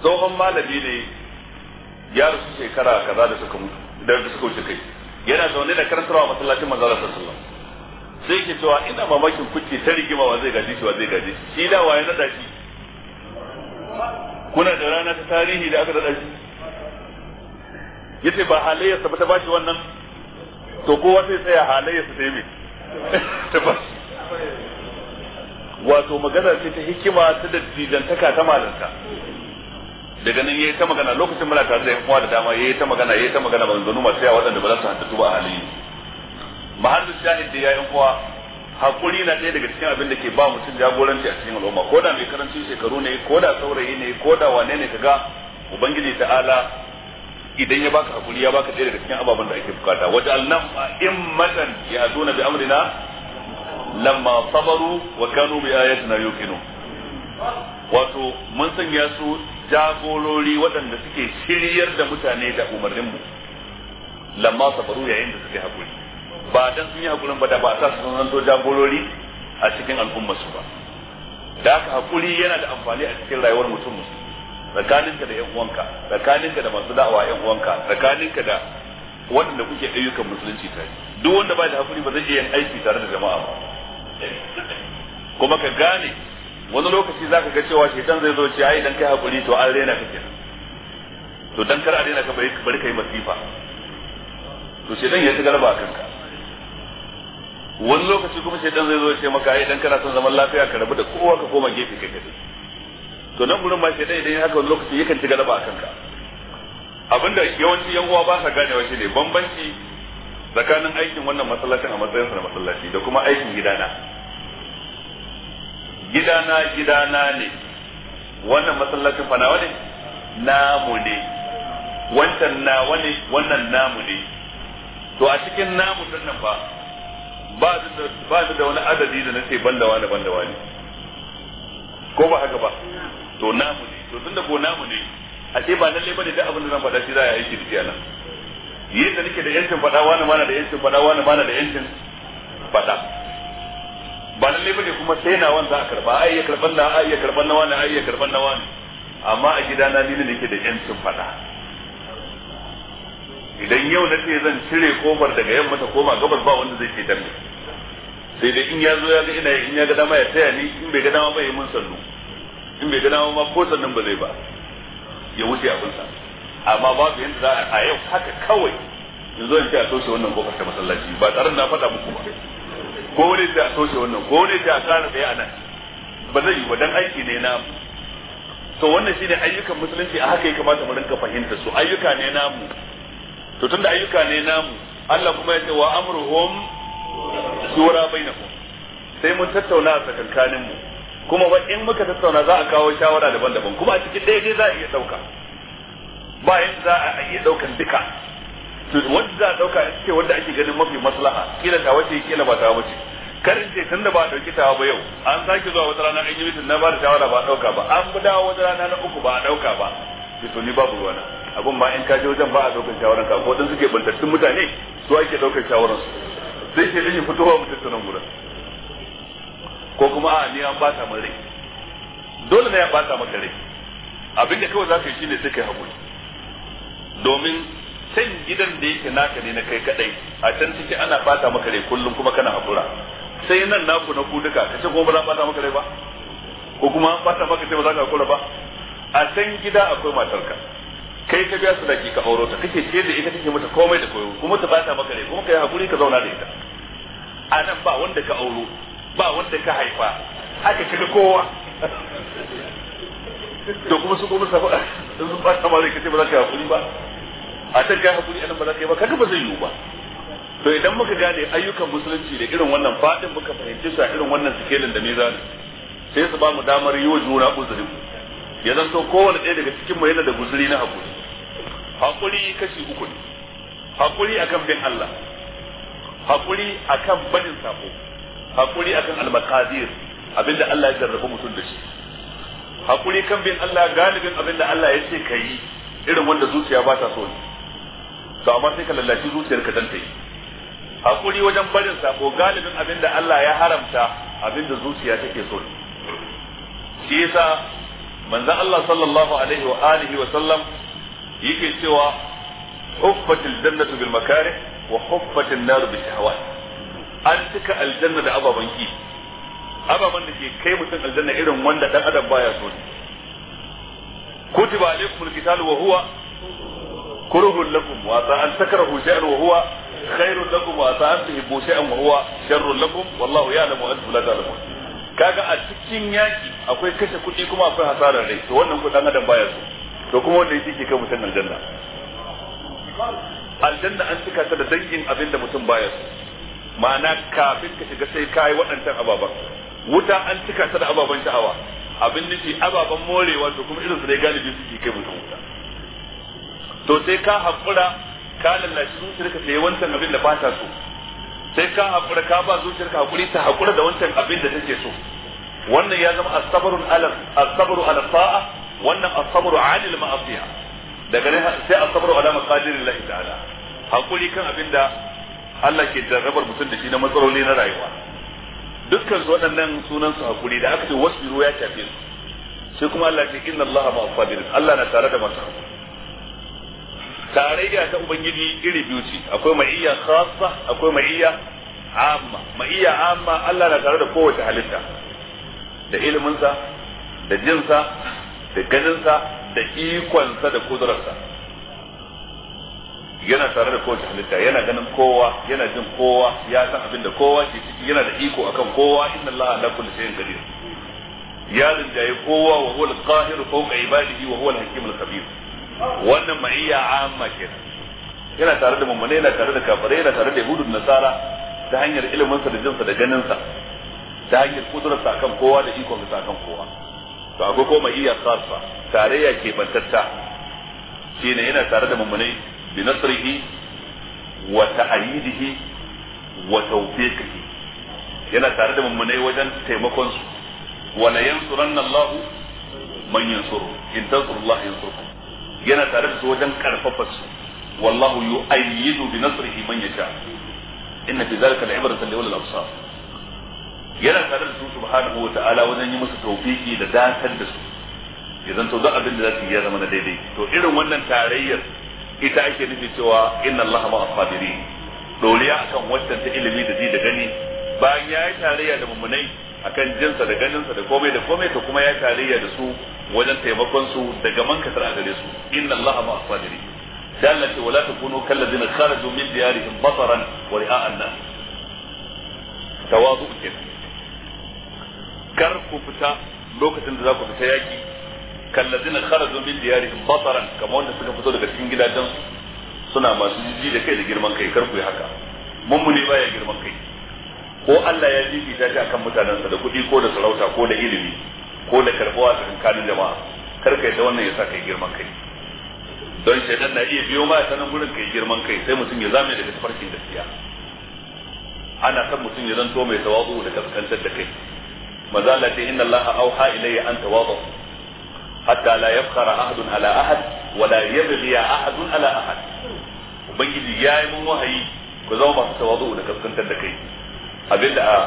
tsohon malami ne ya rasu shekara kaza da suka mutu da suka wuce kai yana zaune da karantarwa masallacin manzara sallallahu alaihi wasallam sai ke cewa ina mamakin kuke ta rigima wa zai gaji shi wa zai gaji shi shi da waye na shi kuna da rana ta tarihi da aka nada shi yace ba halayyarsa ba ta bashi wannan to kowa sai tsaya halayyarsa ta yi mai ta bashi wato magana ce ta hikima ta dattijantaka ta malanta daga nan yayi ta magana lokacin muna tare da yan uwa da dama yayi ta magana yayi ta magana ban zanu masu yawa waɗanda ba za su hantu ba a halin mahallin shahid da yayin kuwa hakuri na ɗaya daga cikin abin da ke ba mutum jagoranci a cikin al'umma ko da mai karancin shekaru ne ko da saurayi ne ko da wane ne kaga ubangiji ta'ala idan ya baka hakuri ya baka ɗaya daga cikin ababen da ake bukata wata in immatan ya zo na bi amrina lamma sabaru wa kanu bi na yuqinu wato mun sanya su jagorori waɗanda suke shiryar da mutane da umarninmu lamma sabaru yayin da suke hakuri ba dan sun yi hakurin ba da ba sa sun zanto jagorori a cikin al'umma su ba da haka hakuri yana da amfani a cikin rayuwar mutum tsakaninka da yan uwanka tsakaninka da masu da'awa yan uwanka tsakaninka da waɗanda kuke ayyukan musulunci tare duk wanda ba da hakuri ba zai iya yin aiki tare da jama'a ba kuma ka gane wani lokaci zaka ga cewa shaitan zai zo ce ai dan kai hakuri to an rena kake to dan kar a rena ka bari kai masifa to shaitan ya ci galaba a kanka wani lokaci kuma dan zai zo ya ce maka ai dan kana son zaman lafiya ka rabu da kowa ka koma gefe kai kadai to nan gurin ma shaitan idan haka wani lokaci yakan ci galaba a ka abinda yawanci yan uwa ba sa ganewa shine bambanci tsakanin aikin wannan masallacin a sa na masallaci da kuma aikin gidana gidana gidana ne wannan masallacin fa nawa ne namu ne wancan nawa ne wannan namu ne to a cikin namu din nan ba ba ni da wani adadi da nace banda wani banda wani ko ba haka ba to namu ne to tunda ko namu ne a ce ba lalle bane duk abin da zan faɗa shi za a yi kirki da shi anan yadda nake da yancin faɗa wani mana da yancin faɗa wani mana da yancin faɗa ba lalle bane kuma sai na wanda a karba ai ya karban na ai ya karban na wani ai ya karban na wani amma a gidana ni ne nake da yancin faɗa idan yau na ce zan cire kofar daga yamma ta koma gabas ba wanda zai ce dan sai dai in ya zo ya ga ina in ya ga dama ya taya ni in bai ga dama ba ya mun sannu in bai ga dama ma ko sannan ba zai ba ya wuce abin sa amma babu yanda za a yau haka kawai yanzu in ce a toshe wannan kofar ta masallaci ba tare na faɗa muku ba ko wani ce a toshe wannan ko wani ce a kara tsaye a nan ba zai yi ba dan aiki ne na to wannan shine ayyukan musulunci a haka ya kamata mu rinka fahimta su ayyuka ne namu to tunda ayyuka ne namu Allah kuma yace wa amruhum shura bainakum sai mun tattauna a tsakankanin mu kuma ba in muka tattauna za a kawo shawara daban-daban kuma a cikin daidai za a iya dauka ba yin za a iya ɗaukan duka to wanda za a dauka ce wanda ake ganin mafi maslaha kila ta wace kila ba ta wace karin ce tunda ba a dauki ta ba yau an sake zuwa wata rana an yi mutum na ba da shawara ba a dauka ba an dawo wata rana na uku ba a dauka ba to ni babu ruwana abin ma in ka je wajen ba a daukar shawaran ka ko dan suke bantattun mutane su ake daukar shawaran su sai ke dan fitowa mutum tattauna gurin ko kuma a ni an bata mare dole ne ya bata maka rai abin da kawai zaka yi shine sai kai hakuri domin san gidan da yake naka ne na kai kadai a can ciki ana bata maka rai kullum kuma kana hakura sai nan naku na ku duka kace ko ba za bata maka rai ba ko kuma an bata maka sai ba za ka hakura ba a san gida akwai matarka kai ka biya sadaki ka auro ta kake ce da ita kake mata komai da koyo kuma ta bata maka ne kuma kai hakuri ka zauna da ita a nan ba wanda ka auro ba wanda ka haifa haka kaga kowa to kuma su kuma safa sun sun bata ma kace ba za ka hakuri ba a can kai hakuri a nan ba za ka yi ba kaga ba zai yiwu ba to idan muka gane ayyukan musulunci da irin wannan fadin muka fahimci su a irin wannan sikelin da mizani sai su ba mu damar yi wa juna uzurin ya zanto kowane ɗaya daga cikin mu yana da guzuri na hakuri hakuri kashi uku ne hakuri akan bin Allah hakuri akan barin sako hakuri akan al-maqadir abinda Allah ya jarrabu mutum da shi hakuri kan bin Allah galibin abinda Allah ya ce kai irin wanda zuciya ba ta so ne to amma sai ka lallaci ka dan ta yi hakuri wajen barin sako galibin abinda Allah ya haramta abinda zuciya take so ne shi yasa manzo Allah sallallahu alaihi wa alihi wa sallam yake cewa huffatil jannatu bil makarih wa huffatin nar bil shahawat an tuka aljanna da ababan ki ababan da ke kai mutun aljanna irin wanda dan adam baya so ne kutiba alaykumul qital wa huwa كره لكم wa أن تكرهوا شيئا wa خير لكم وعسى أن تحبوا شيئا وهو شر لكم والله يعلم وأنتم لا تعلمون kaga a cikin yaki akwai kashe kuɗi kuma akwai hasarar rai to wannan kuɗin adam baya su to kuma wanda yake ke kai mutum aljanna aljanna an cika ta da dangin abin da mutum baya su ma'ana kafin ka shiga sai kai waɗancan ababan wuta an cika ta da ababan sha'awa abin nufi ababan morewa to kuma irin su dai galibi suke kai mutum wuta to sai ka haƙura ka lallashi rika sai wancan abin da ba ta so sai ka hakura ka ba zuciyarka hakuri ta hakura da wancan abin da take so wannan ya zama asabarun sabru asabaru as ala ta'a wannan asabaru sabru ala al-ma'asiya daga nan sai asabaru sabru ala maqadirillahi ta'ala hakuri kan abin da Allah ke jarrabar mutum da shi na matsaloli na rayuwa dukkan su waɗannan sunan su hakuri da aka ce wasbiru ya tafi su sai kuma Allah ce inna Allah ma'a sabirin Allah na tare da masu hakuri tarayya ta ubangiji iri biyu ce akwai ma'iyya khassa akwai ma'iyya amma ma'iyya amma Allah na tare da kowace halitta da iliminsa da jinsa da ganinsa da ikonsa da kudurarsa yana tare da kowace halitta yana ganin kowa yana jin kowa ya san abin da kowa ke ciki yana da iko akan kowa inna Allah ala kulli shay'in qadir ya rinjaye kowa wa huwa al-qahir fawqa ibadihi wa huwa al-hakim al-khabir wannan ma'iyya amma kenan yana tare da mummune yana tare da kafirai yana tare da yahudu nasara ta hanyar iliminsa da jinsa da ganinsa ta hanyar kudurarsa akan kowa da ikon sa akan kowa to akwai kuma ma'iyya khassa tarayya ke bantatta shine yana tare da mummune bi nasrihi wa ta'ayidihi wa tawfiqihi yana tare da mummune wajen taimakon su wa la yansuranna Allah man yansuru in tansurullahi yansurkum yana tare da su wajen karfafa su wallahu yu'ayyidu bi nasrihi man yasha inna fi zalika la'ibratan li ulil absar yana tare da su subhanahu wa ta'ala wajen yi musu tawfiki da datar da su Idan zanto duk abin da za su yi ya zama na daidai to irin wannan tarayyar ita ake nufi cewa inna allaha ma'a sabirin doriya akan wacce ta ilimi da ji da gani bayan ya yi tarayya da mummunai akan jinsa da ganinsa da komai da komai to kuma ya tarayya da su wajen taimakon su daga mankatar a gare su inna allaha ma asabiri sai Allah ce wala takunu kallazina kharaju min diyarihim basaran wa ri'a an-nas tawadu kenan kar ku fita lokacin da za ku fita yaki kallazina kharaju min diyarihim basaran kamar wanda suka fito daga cikin gidajensu suna masu jiji da kai da girman kai kar ku yi haka Mun mu mummuni baya girman kai ko Allah ya fifita shi kan mutanensa da kuɗi ko da sarauta ko da ilimi ko da karbuwa a tsakanin jama'a kar ka yadda wannan ya sa kai girman kai don shaidan na iya biyo ma sanan gurin kai girman kai sai mutum ya zame daga tafarkin gaskiya ana son mutum ya zanto mai tawadu da kaskantar da kai manzo Allah ce inna Allah auha ilayya an tawadu hatta la yafkhara ahadun ala ahad wa la yabghi ahadun ala ahad ubangiji yayi mun wahayi ku zama masu tawadu da kaskantar da kai abinda a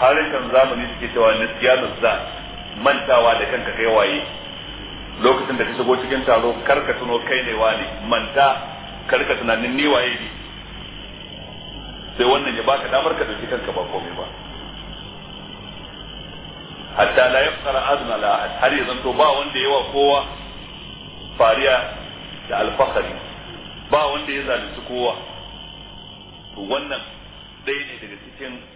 harshen zamani suke cewa nisyanu zan mantawa da kanka kai waye lokacin da ka shigo cikin taro karka tuno kai ne wani manta karka tunanin ni waye ne sai wannan ya baka damar ka dauki kanka ba komai ba hatta la yaqra azna la ahad har yanzu to ba wanda yawa kowa fariya da alfahari ba wanda ya zalunci kowa to wannan desde que daga